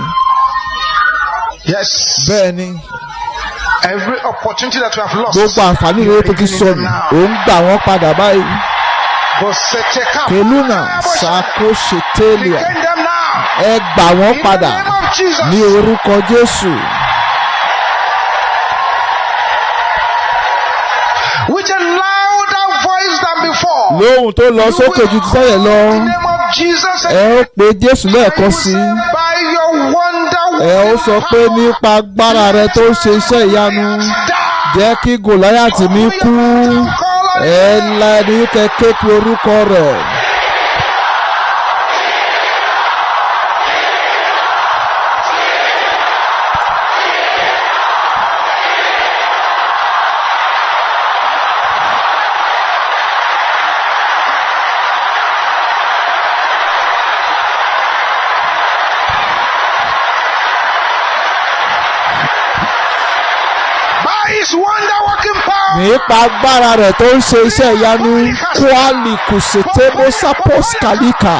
Yes. Bẹ́ẹ̀ni. Every opportunity that you have lost. Gbogbo àǹfààní rere tó ti sọnù, ò ń gbà wọ́n padà báyìí. Keluna Sakosetelia ẹ gbà wọ́n padà ní orúkọ Jésù. With a louder voice than before. Lóhùn tó lọ sókè ju ti sẹ́yẹ̀ lọ. Ẹ ó pe Jésù lẹ́ẹ̀kan sí i ẹ ó sọ pé nípa agbára rẹ tó ṣe iṣẹ́ ìyanu jẹ́ kí Gòláyàtì mi kú ẹ ńlá ní kẹ́kẹ́ pé orúkọ rẹ̀. nípa agbára rẹ̀ tó ń ṣe iṣẹ́ ìyanu kwali kùsùtẹ́mọ́sápọ́sì kàlíkà.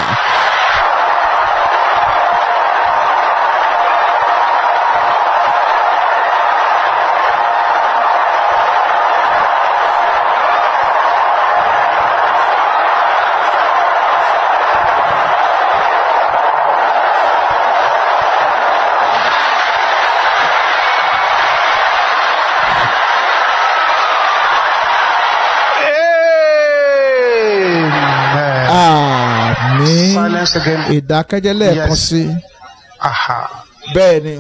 once again. ìdákẹ́jẹ́ lẹ́ẹ̀kan sí. bẹ́ẹ̀ ni.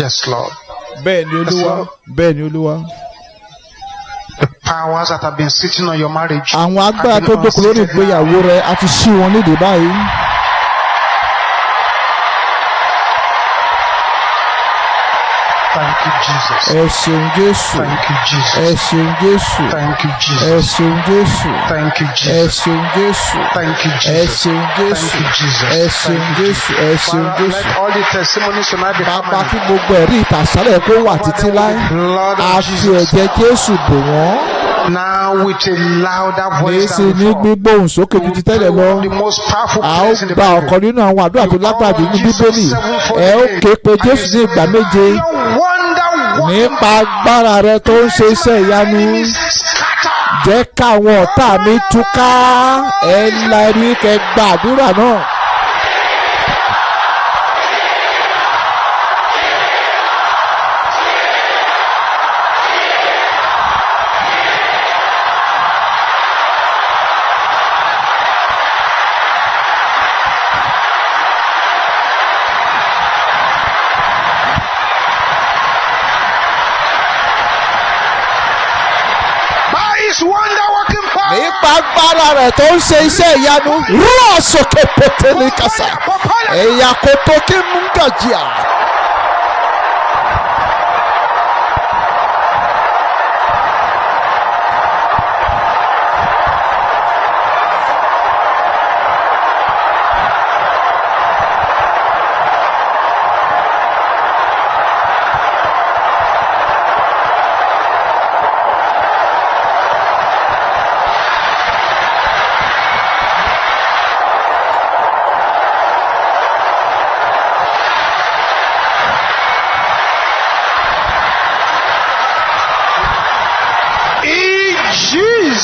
yes lord. bẹ́ẹ̀ ni olúwa bẹ́ẹ̀ ni olúwa. the powers that have been sitting on your marriage. àwọn agbára tó dókòó lórí ìgbéyàwó rẹ a ti ṣí wọn nídìí báyìí. Thank Thank Thank Thank you you you you Jesus. Jesus. Jesus. Jesus. Jesus. Jesus. Jesus. Jesus. ẹ ṣeun jésù ẹ ṣeun jésù ẹ Jesus. jésù ẹ ṣeun jésù ẹ ṣeun jésù ẹ ṣeun jésù ẹ ṣeun jésù bàbá kí gbogbo ẹ̀rí ìtàsálẹ̀ kó wà títí láé a fi ẹ̀jẹ̀ jésù bò wọ́n. Now with a louder voice than before. Ní gbígbóhùn sókè ju ti tẹ́lẹ̀ lọ. A ó gba ọ̀kan nínú àwọn àdúrà tó lágbàdo ní Bíbélì. Ẹ ó ké pe Jésù ní ìgbà méje nípa agbára rẹ tó ń ṣe iṣẹ́ ìyanu jẹ́ káwọn ọ̀tá mi túká ẹ̀ ń la ẹni kẹ́ gbàdúrà náà. agbára rẹ̀ tó ń ṣe iṣẹ́ ìyanu rọ̀ sókè pété ní kásá ẹ̀yà kò tó kí mú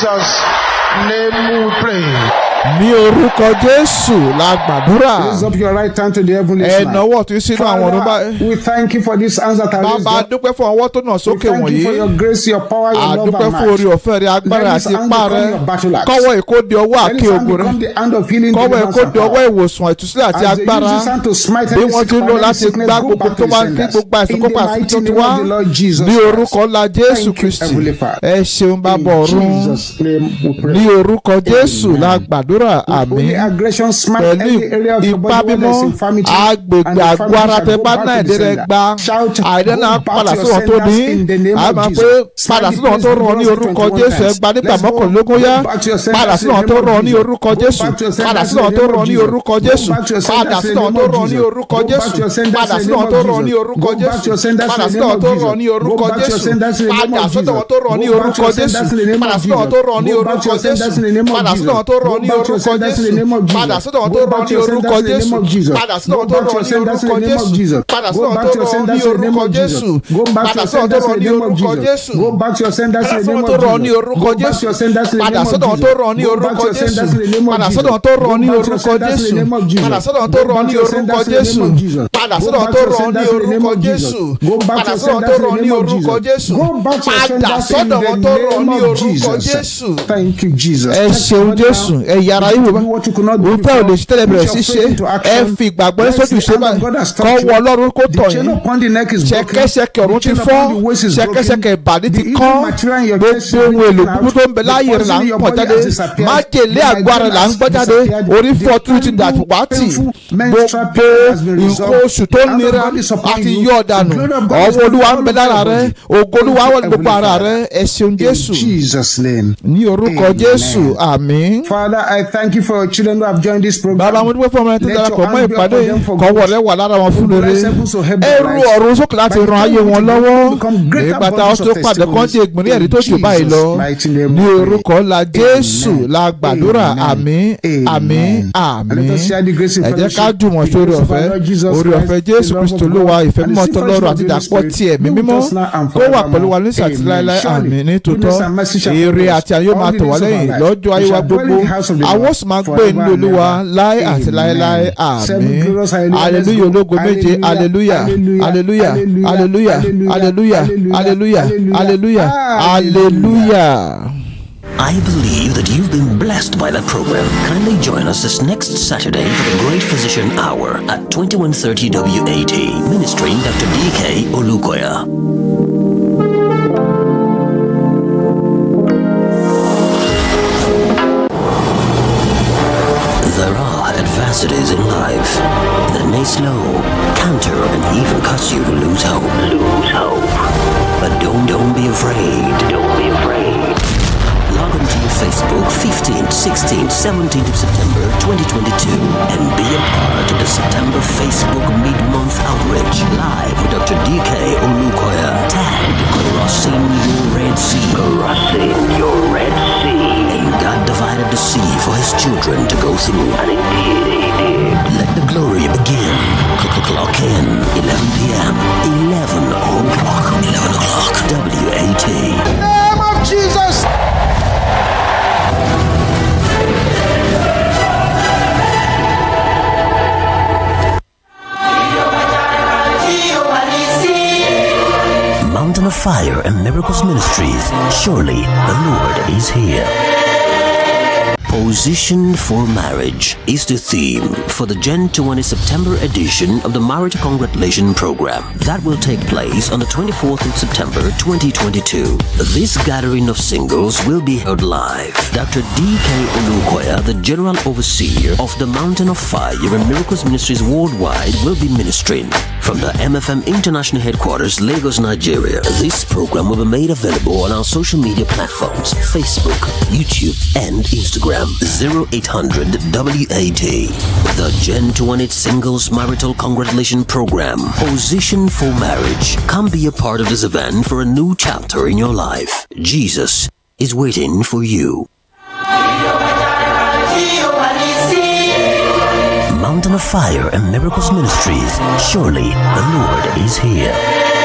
Jesus' name we pray. ní orúkọ jésù la gbàdúrà. raise up your right hand to the heavenly sky. ẹ nawọ́ tí sínú àwọn ọdún bá. we thank you for this answer that raised up. bàbá dúpẹ́ fún ọwọ́ tó nà sókè wọ̀nyí. we thank you for your grace your power your love and might. àdúpẹ́ fún orí ọ̀fẹ́ rẹ agbára àti ipá rẹ. kọ́wọ́ èkó di ọwọ́ àké ogun rẹ. kọ́wọ́ èkó di ọwọ́ ìwòsàn ìtúsílẹ̀ àti agbára. bí wọ́n ti lọ láti gbá gbogbo tó wá ní gbogbo àsìkò pàṣẹ tó ti wá. ní orúkọ la jésù kristi. ẹ ṣeun bàbá ọ̀run ní orúkọ jésù la gbàdúrà náà àmín pẹ̀lú ipá mímọ́ agbègbè àgọ́ ara tẹ bá náà ẹ̀dẹ́rẹ́ gba àìdẹ́ náà padà sí wọn tó ní a máa pé padà sí wọn tó rán ní orúkọ Jésù ẹgbà nígbà mọ́kànlélógún yá padà sí wọn tó rán ní orúkọ Jésù padà sí wọn tó rán ní orúkọ Jésù padà sí wọn tó rán ní orúkọ Jésù padà sí wọn tó rán ní orúkọ Jésù padà sí wọn tó rán ní orúkọ Jésù padà sí wọn tó rán ní orúkọ Jésù padà sí wọn tó rán ní orúkọ Jésù padà sí wọn tó rán ní orúkọ orúkọ Jésù padà sọ́dọ̀ wọn tó rán ní orúkọ Jésù padà sọ́dọ̀ wọn tó rán ní orúkọ Jésù padà sọ́dọ̀ wọn tó rán ní orúkọ Jésù padà sọ́dọ̀ wọn tó rán ní orúkọ Jésù padà sọ́dọ̀ wọn tó rán ní orúkọ Jésù padà sọ́dọ̀ wọn tó rán ní orúkọ Jésù padà sọ́dọ̀ wọn tó rán ní orúkọ Jésù padà sọ́dọ̀ wọn tó rán ní orúkọ Jésù padà sọ́dọ̀ wọn tó rán ní orúkọ Jésù padà sọ́dọ̀ wọn tó rán ní orúkọ Jésù padà sọ́dọ̀ wọn tó rán ní orúkọ Jésù. Thank you Jesus. ẹ ṣeun Jésù ẹ yára òun tẹ́ ò lè ṣe tẹ́lẹ̀ bẹ̀rẹ̀ sí ṣe ẹ fi ìgbàgbọ́ ní sójú ṣe báyìí kọ́ wọ ọlọ́run kó tọ̀ yín ṣẹ̀kẹ̀ṣẹ̀kẹ̀ ọ̀run ti fọ́ ṣẹ̀kẹ̀ṣẹ̀kẹ̀ ìbàdí ti kọ́ gbogbo ohun èlò gbogbo tó ń bẹ láàyè rẹ̀ là ń pọ̀ jáde májèlé àgọ́ rẹ̀ là ń gbọ́ jáde orí fọ́ tún ti dàtúgbà tì gbogbo nǹkan oṣù tó nira àti yọ ọ̀dànù ọwọ́ olúwa ń bẹ lára rẹ ògo wọlé gbogbo ara rẹ ẹ jésù ní orúkọ jésù àmín thank you for your children who have joined this program. bàbá mo dúpẹ́ fún ọmọ ẹni tó darapọ̀ mọ́ ìpàdé kọ́wọ́lẹ́ wà lára wọn fún lóore ẹrù ọ̀run sókè láti ran ayé wọn lọ́wọ́ ìgbàta ọ̀sọ́ pàdé kan dé ìgbìnrin ẹ̀rí tó jù báyìí lọ ní orúkọ la Jésù la gbàdúrà àmín àmín àmín ẹ jẹ́ ká jùmọ̀ sórí ọ̀fẹ́ orí ọ̀fẹ́ Jésù Kristo ló wa ìfẹ́ mímọ́ tọlọ́run àti dàpọ̀ ti ẹ̀mí mímọ́ kó wà pẹ̀lú wa ní sàtìláìláì àmín ní tòótọ́ èrè àti àyè máa tọ̀ wá lẹ́yìn lọ́jọ́ ayé wa gbogbo àwọn. sì máa gbé olúwa láé àti láéláé aleluya ológo méje aleluya aleluya aleluya aleluya aleluya aleluya aleluya. I believe that you've been blessed by that program. Kindly join us this next Saturday for the Great Physician Hour at 2130 WAT, ministering Dr. D.K. Olukoya. adversities in life that may slow, counter, and even cause you to lose hope. Lose hope. But don't don't be afraid. Don't be afraid. Facebook 15th, 16th, 17th of September 2022 and be a part of the September Facebook mid-month outreach live with Dr. DK Olukoya. tag Crossing Your Red Sea. Crossing Your Red Sea. And God divided the sea for his children to go through. And indeed he did. Let the glory begin. Clock in. 11 p.m. 11 o'clock. 11 o'clock. WAT. name of Jesus. of Fire and Miracles Ministries. Surely the Lord is here. Position for Marriage is the theme for the Gen 20 September edition of the Marriage Congratulation Program that will take place on the 24th of September 2022. This gathering of singles will be held live. Dr. D.K. Olukoya, the General Overseer of the Mountain of Fire and Miracles Ministries Worldwide, will be ministering. From the MFM International Headquarters, Lagos, Nigeria, this program will be made available on our social media platforms Facebook, YouTube, and Instagram. 0800 WAT. The Gen 28 Singles Marital Congratulation Program, Position for Marriage. Come be a part of this event for a new chapter in your life. Jesus is waiting for you. Fountain of Fire and Miracles Ministries. Surely the Lord is here.